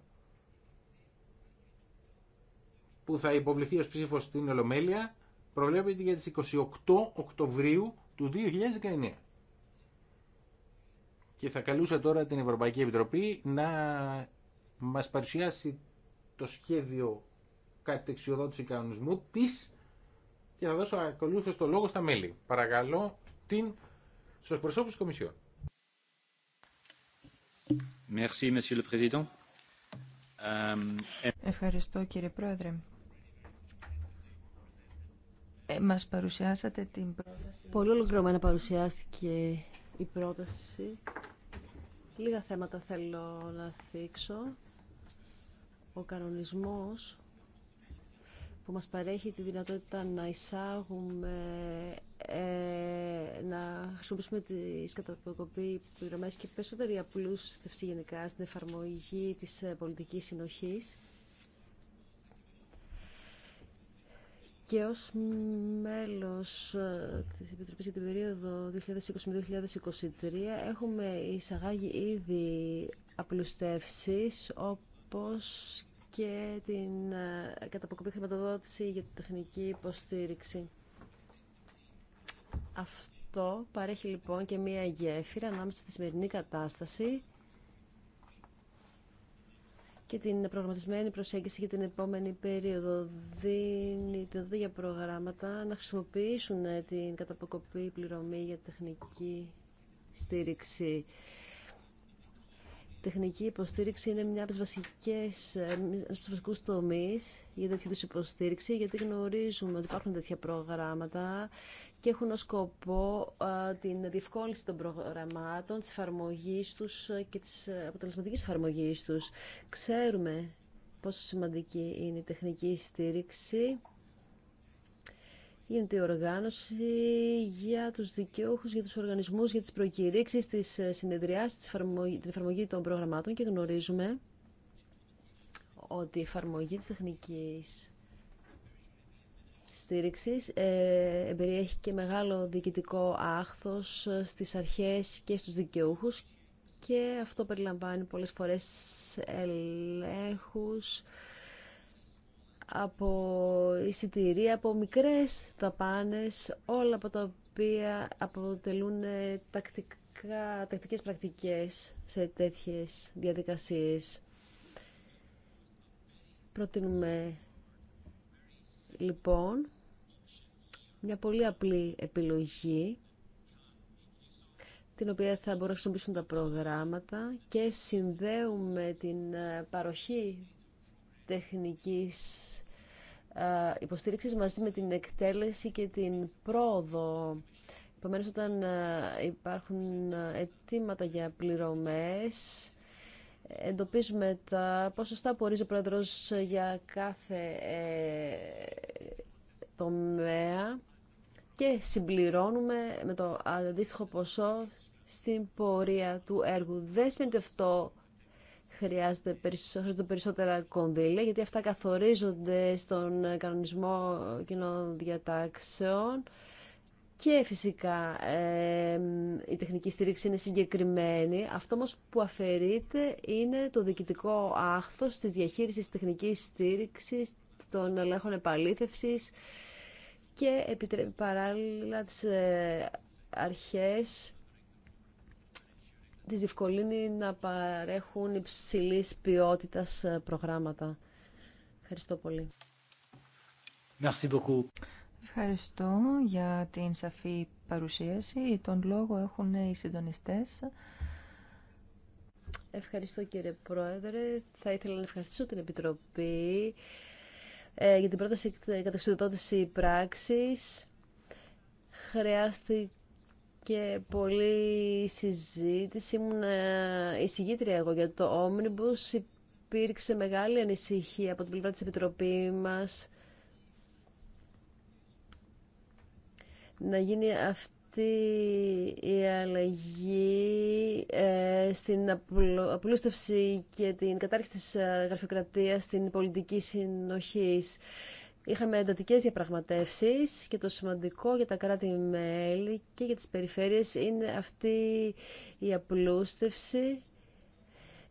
που θα υποβληθεί ως ψήφος στην Ολομέλεια προβλέπεται για τις 28 Οκτωβρίου του 2019. Και θα καλούσα τώρα την Ευρωπαϊκή Επιτροπή να μας παρουσιάσει το σχέδιο κατεξιοδότηση κανονισμού της και θα δώσω ακολούθως το λόγο στα μέλη. Παρακαλώ την στους προσώπους της Κομισιόν. Ε, ε, Ευχαριστώ κύριε Πρόεδρε. Ε, μας παρουσιάσατε την πρόταση. Πολύ ολοκληρωμένα παρουσιάστηκε η πρόταση. Λίγα θέματα θέλω να θίξω. Ο κανονισμός που μας παρέχει τη δυνατότητα να εισάγουμε, ε, να χρησιμοποιήσουμε τις καταποκοπή πληρωμές και περισσότερη απλούστευση γενικά στην εφαρμογή της ε, πολιτικής συνοχής. και ως μέλος ε, της Επιτροπής για την περίοδο 2020-2023 έχουμε εισαγάγει ήδη απλουστεύσεις όπως και την ε, καταποκοπή χρηματοδότηση για την τεχνική υποστήριξη. Αυτό παρέχει λοιπόν και μία γέφυρα ανάμεσα στη σημερινή κατάσταση και την προγραμματισμένη προσέγγιση για την επόμενη περίοδο. Δίνει τα για προγράμματα να χρησιμοποιήσουν την καταποκοπή πληρωμή για τεχνική στήριξη τεχνική υποστήριξη είναι μια από τις βασικές, ένας ε, από βασικούς τομείς για τέτοιου υποστήριξη, γιατί γνωρίζουμε ότι υπάρχουν τέτοια προγράμματα και έχουν ως σκοπό ε, την διευκόλυνση των προγραμμάτων, της εφαρμογής τους ε, και της αποτελεσματικής εφαρμογής τους. Ξέρουμε πόσο σημαντική είναι η τεχνική στήριξη γίνεται η οργάνωση για τους δικαιούχους, για τους οργανισμούς, για τις προκηρύξεις, τις ε, συνεδριάσεις, την εφαρμογή των προγραμμάτων και γνωρίζουμε ότι η εφαρμογή της τεχνικής στήριξης ε, περιέχει και μεγάλο διοικητικό άχθος ε, στις αρχές και στους δικαιούχους και αυτό περιλαμβάνει πολλές φορές ελέγχους από εισιτηρία, από μικρές δαπάνες, όλα από τα οποία αποτελούν ε, τακτικά, τακτικές πρακτικές σε τέτοιες διαδικασίες. Προτείνουμε λοιπόν μια πολύ απλή επιλογή την οποία θα μπορούν να χρησιμοποιήσουν τα προγράμματα και συνδέουμε την ε, παροχή τεχνικής υποστήριξης μαζί με την εκτέλεση και την πρόοδο. Επομένως, όταν υπάρχουν αιτήματα για πληρωμές, εντοπίζουμε τα ποσοστά που ορίζει ο Πρόεδρος για κάθε ε, τομέα και συμπληρώνουμε με το αντίστοιχο ποσό στην πορεία του έργου. Δεν σημαίνει ότι αυτό χρειάζεται περισσότερο περισσότερα κονδύλια, γιατί αυτά καθορίζονται στον κανονισμό κοινών διατάξεων. Και φυσικά η τεχνική στήριξη είναι συγκεκριμένη. Αυτό όμως που αφαιρείται είναι το διοικητικό άχθος στη διαχείριση της τεχνικής στήριξης, των ελέγχων επαλήθευσης και επιτρέπει παράλληλα τις ε, αρχές τις διευκολύνει να παρέχουν υψηλής ποιότητας ε, προγράμματα. Ευχαριστώ πολύ. Merci beaucoup. Ευχαριστώ για την σαφή παρουσίαση. Τον λόγο έχουν οι συντονιστές. Ευχαριστώ κύριε Πρόεδρε. Θα ήθελα να ευχαριστήσω την Επιτροπή ε, για την πρόταση καταξιδοτότηση πράξης. Χρειάστηκε και πολύ συζήτηση. Ήμουν εισηγήτρια εγώ για το Omnibus. Υπήρξε μεγάλη ανησυχία από την πλευρά της Επιτροπή μας να γίνει αυτή η αλλαγή ε, στην απλούστευση και την κατάρριξη της ε, γραφειοκρατίας στην πολιτική συνοχής. Είχαμε εντατικές διαπραγματεύσεις και το σημαντικό για τα κράτη-μέλη και για τις περιφέρειες είναι αυτή η απλούστευση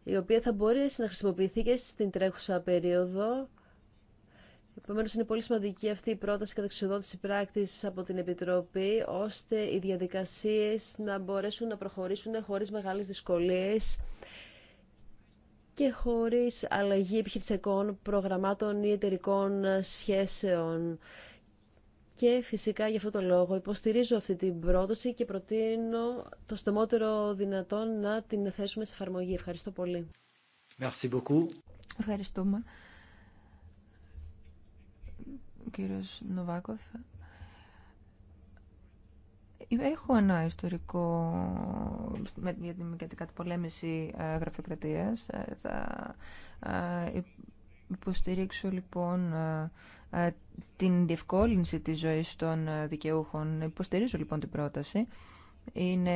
η οποία θα μπορεί να χρησιμοποιηθεί και στην τρέχουσα περίοδο. Επομένω, είναι πολύ σημαντική αυτή η πρόταση καταξιοδότηση πράκτη από την Επιτροπή, ώστε οι διαδικασίε να μπορέσουν να προχωρήσουν χωρί μεγάλε δυσκολίε και χωρίς αλλαγή επιχειρησιακών προγραμμάτων ή εταιρικών σχέσεων. Και φυσικά για αυτό το λόγο υποστηρίζω αυτή την πρόταση και προτείνω το στομότερο δυνατόν να την θέσουμε σε εφαρμογή. Ευχαριστώ πολύ. Merci beaucoup. Ευχαριστούμε. Ο κύριος Νοβάκοφ Έχω ένα ιστορικό για την καταπολέμηση ε, γραφειοκρατίας. Ε, θα ε, υποστηρίξω λοιπόν την διευκόλυνση της ζωής των δικαιούχων. Υποστηρίζω λοιπόν την πρόταση. Είναι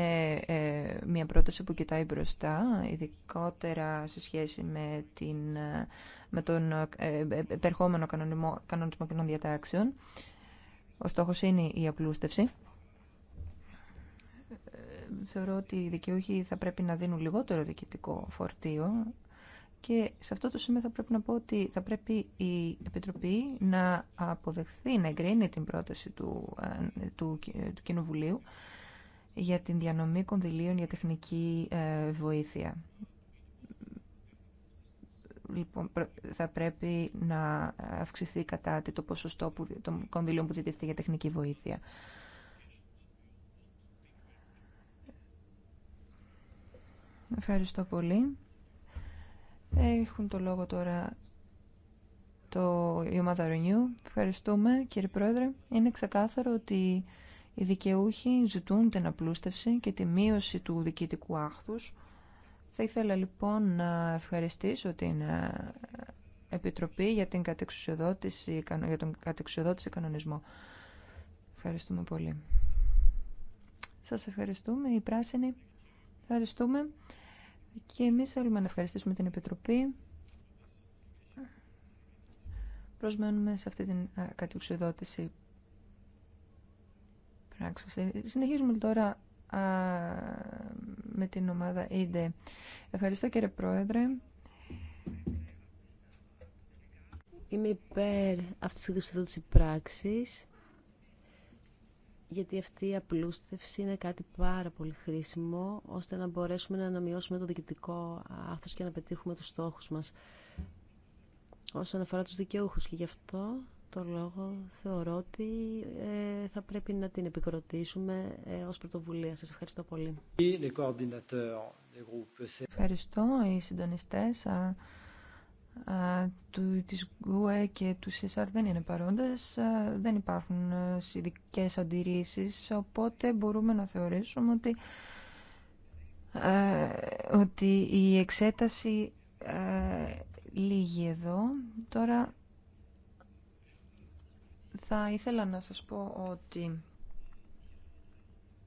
μια πρόταση που κοιτάει μπροστά, ειδικότερα σε σχέση με, την, με τον επερχόμενο κανονισμό, κανονισμό κοινών διατάξεων. Ο στόχος είναι η απλούστευση θεωρώ ότι οι δικαιούχοι θα πρέπει να δίνουν λιγότερο διοικητικό φορτίο και σε αυτό το σημείο θα πρέπει να πω ότι θα πρέπει η Επιτροπή να αποδεχθεί, να εγκρίνει την πρόταση του, ε, του, του Κοινοβουλίου για την διανομή κονδυλίων για τεχνική ε, βοήθεια. Λοιπόν, θα πρέπει να αυξηθεί κατά το ποσοστό των κονδυλίων που διτεύεται για τεχνική βοήθεια. Ευχαριστώ πολύ. Έχουν το λόγο τώρα το, η ομάδα Ευχαριστούμε κύριε Πρόεδρε. Είναι ξεκάθαρο ότι οι δικαιούχοι ζητούν την απλούστευση και τη μείωση του διοικητικού άχθους. Θα ήθελα λοιπόν να ευχαριστήσω την ε, Επιτροπή για, την κατεξουσιοδότηση, για τον κατεξουσιοδότηση κανονισμό. Ευχαριστούμε πολύ. Σας ευχαριστούμε. Η πράσινη Ευχαριστούμε. Και εμείς θέλουμε να ευχαριστήσουμε την Επιτροπή. Προσμένουμε σε αυτή την κατεξουδότηση πράξη. Ε, συνεχίζουμε τώρα με την ομάδα ΙΔΕ. Ευχαριστώ κύριε Πρόεδρε. Είμαι υπέρ αυτής της κατεξουδότησης πράξης γιατί αυτή η απλούστευση είναι κάτι πάρα πολύ χρήσιμο ώστε να μπορέσουμε να αναμειώσουμε το διοικητικό άθος και να πετύχουμε τους στόχους μας όσον αφορά τους δικαιούχους και γι' αυτό το λόγο θεωρώ ότι ε, θα πρέπει να την επικροτήσουμε ε, ως πρωτοβουλία. Σας ευχαριστώ πολύ. Ευχαριστώ οι συντονιστές του, της ΓΟΕ και του ΣΕΣΑΡ δεν είναι παρόντες, δεν υπάρχουν ειδικέ αντιρρήσεις, οπότε μπορούμε να θεωρήσουμε ότι, ότι η εξέταση λύγει εδώ. Τώρα θα ήθελα να σας πω ότι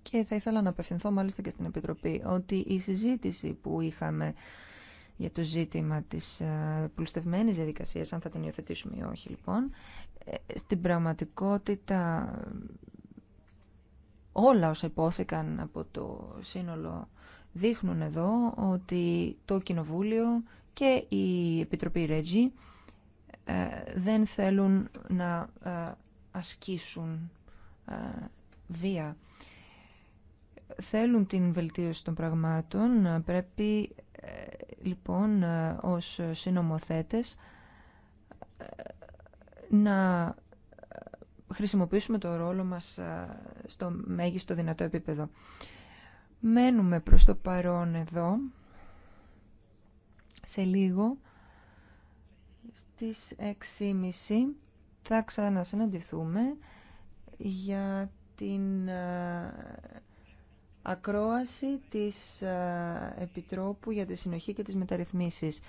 και θα ήθελα να απευθυνθώ μάλιστα και στην Επιτροπή ότι η συζήτηση που είχαμε για το ζήτημα της ε, πλουστευμένης διαδικασίας, αν θα την υιοθετήσουμε ή όχι λοιπόν, ε, στην πραγματικότητα όλα όσα υπόθηκαν από το σύνολο δείχνουν εδώ ότι το Κοινοβούλιο και η Επιτροπή Ρέτζη ε, δεν θέλουν να ασκήσουν βία. Θέλουν την βελτίωση των πραγμάτων, πρέπει ε, λοιπόν ε, ως συνομοθέτες ε, να χρησιμοποιήσουμε το ρόλο μας στο μέγιστο δυνατό επίπεδο. Μένουμε προς το παρόν εδώ. Σε λίγο, στις 6.30 θα ξανασυναντηθούμε για την ακρόαση της ε, Επιτρόπου για τη Συνοχή και τις Μεταρρυθμίσεις.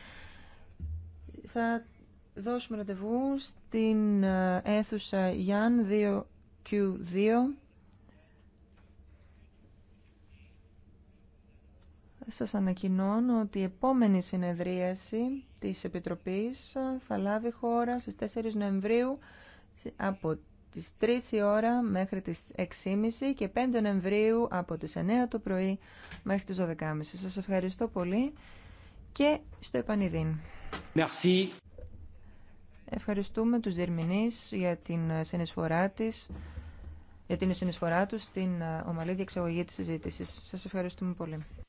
Θα δώσουμε ραντεβού στην ε, αίθουσα Γιάν 2Q2 Σας ανακοινώνω ότι η επόμενη συνεδρίαση της Επιτροπής θα λάβει χώρα στις 4 Νοεμβρίου από τις 3 η ώρα μέχρι τις 6.30 και 5 Νοεμβρίου από τις 9 το πρωί μέχρι τις 12.30. Σας ευχαριστώ πολύ και στο επανειδήν. Merci. Ευχαριστούμε τους Διερμηνείς για την συνεισφορά της για την συνεισφορά τους στην ε, ομαλή διεξαγωγή της συζήτησης. Σας ευχαριστούμε πολύ.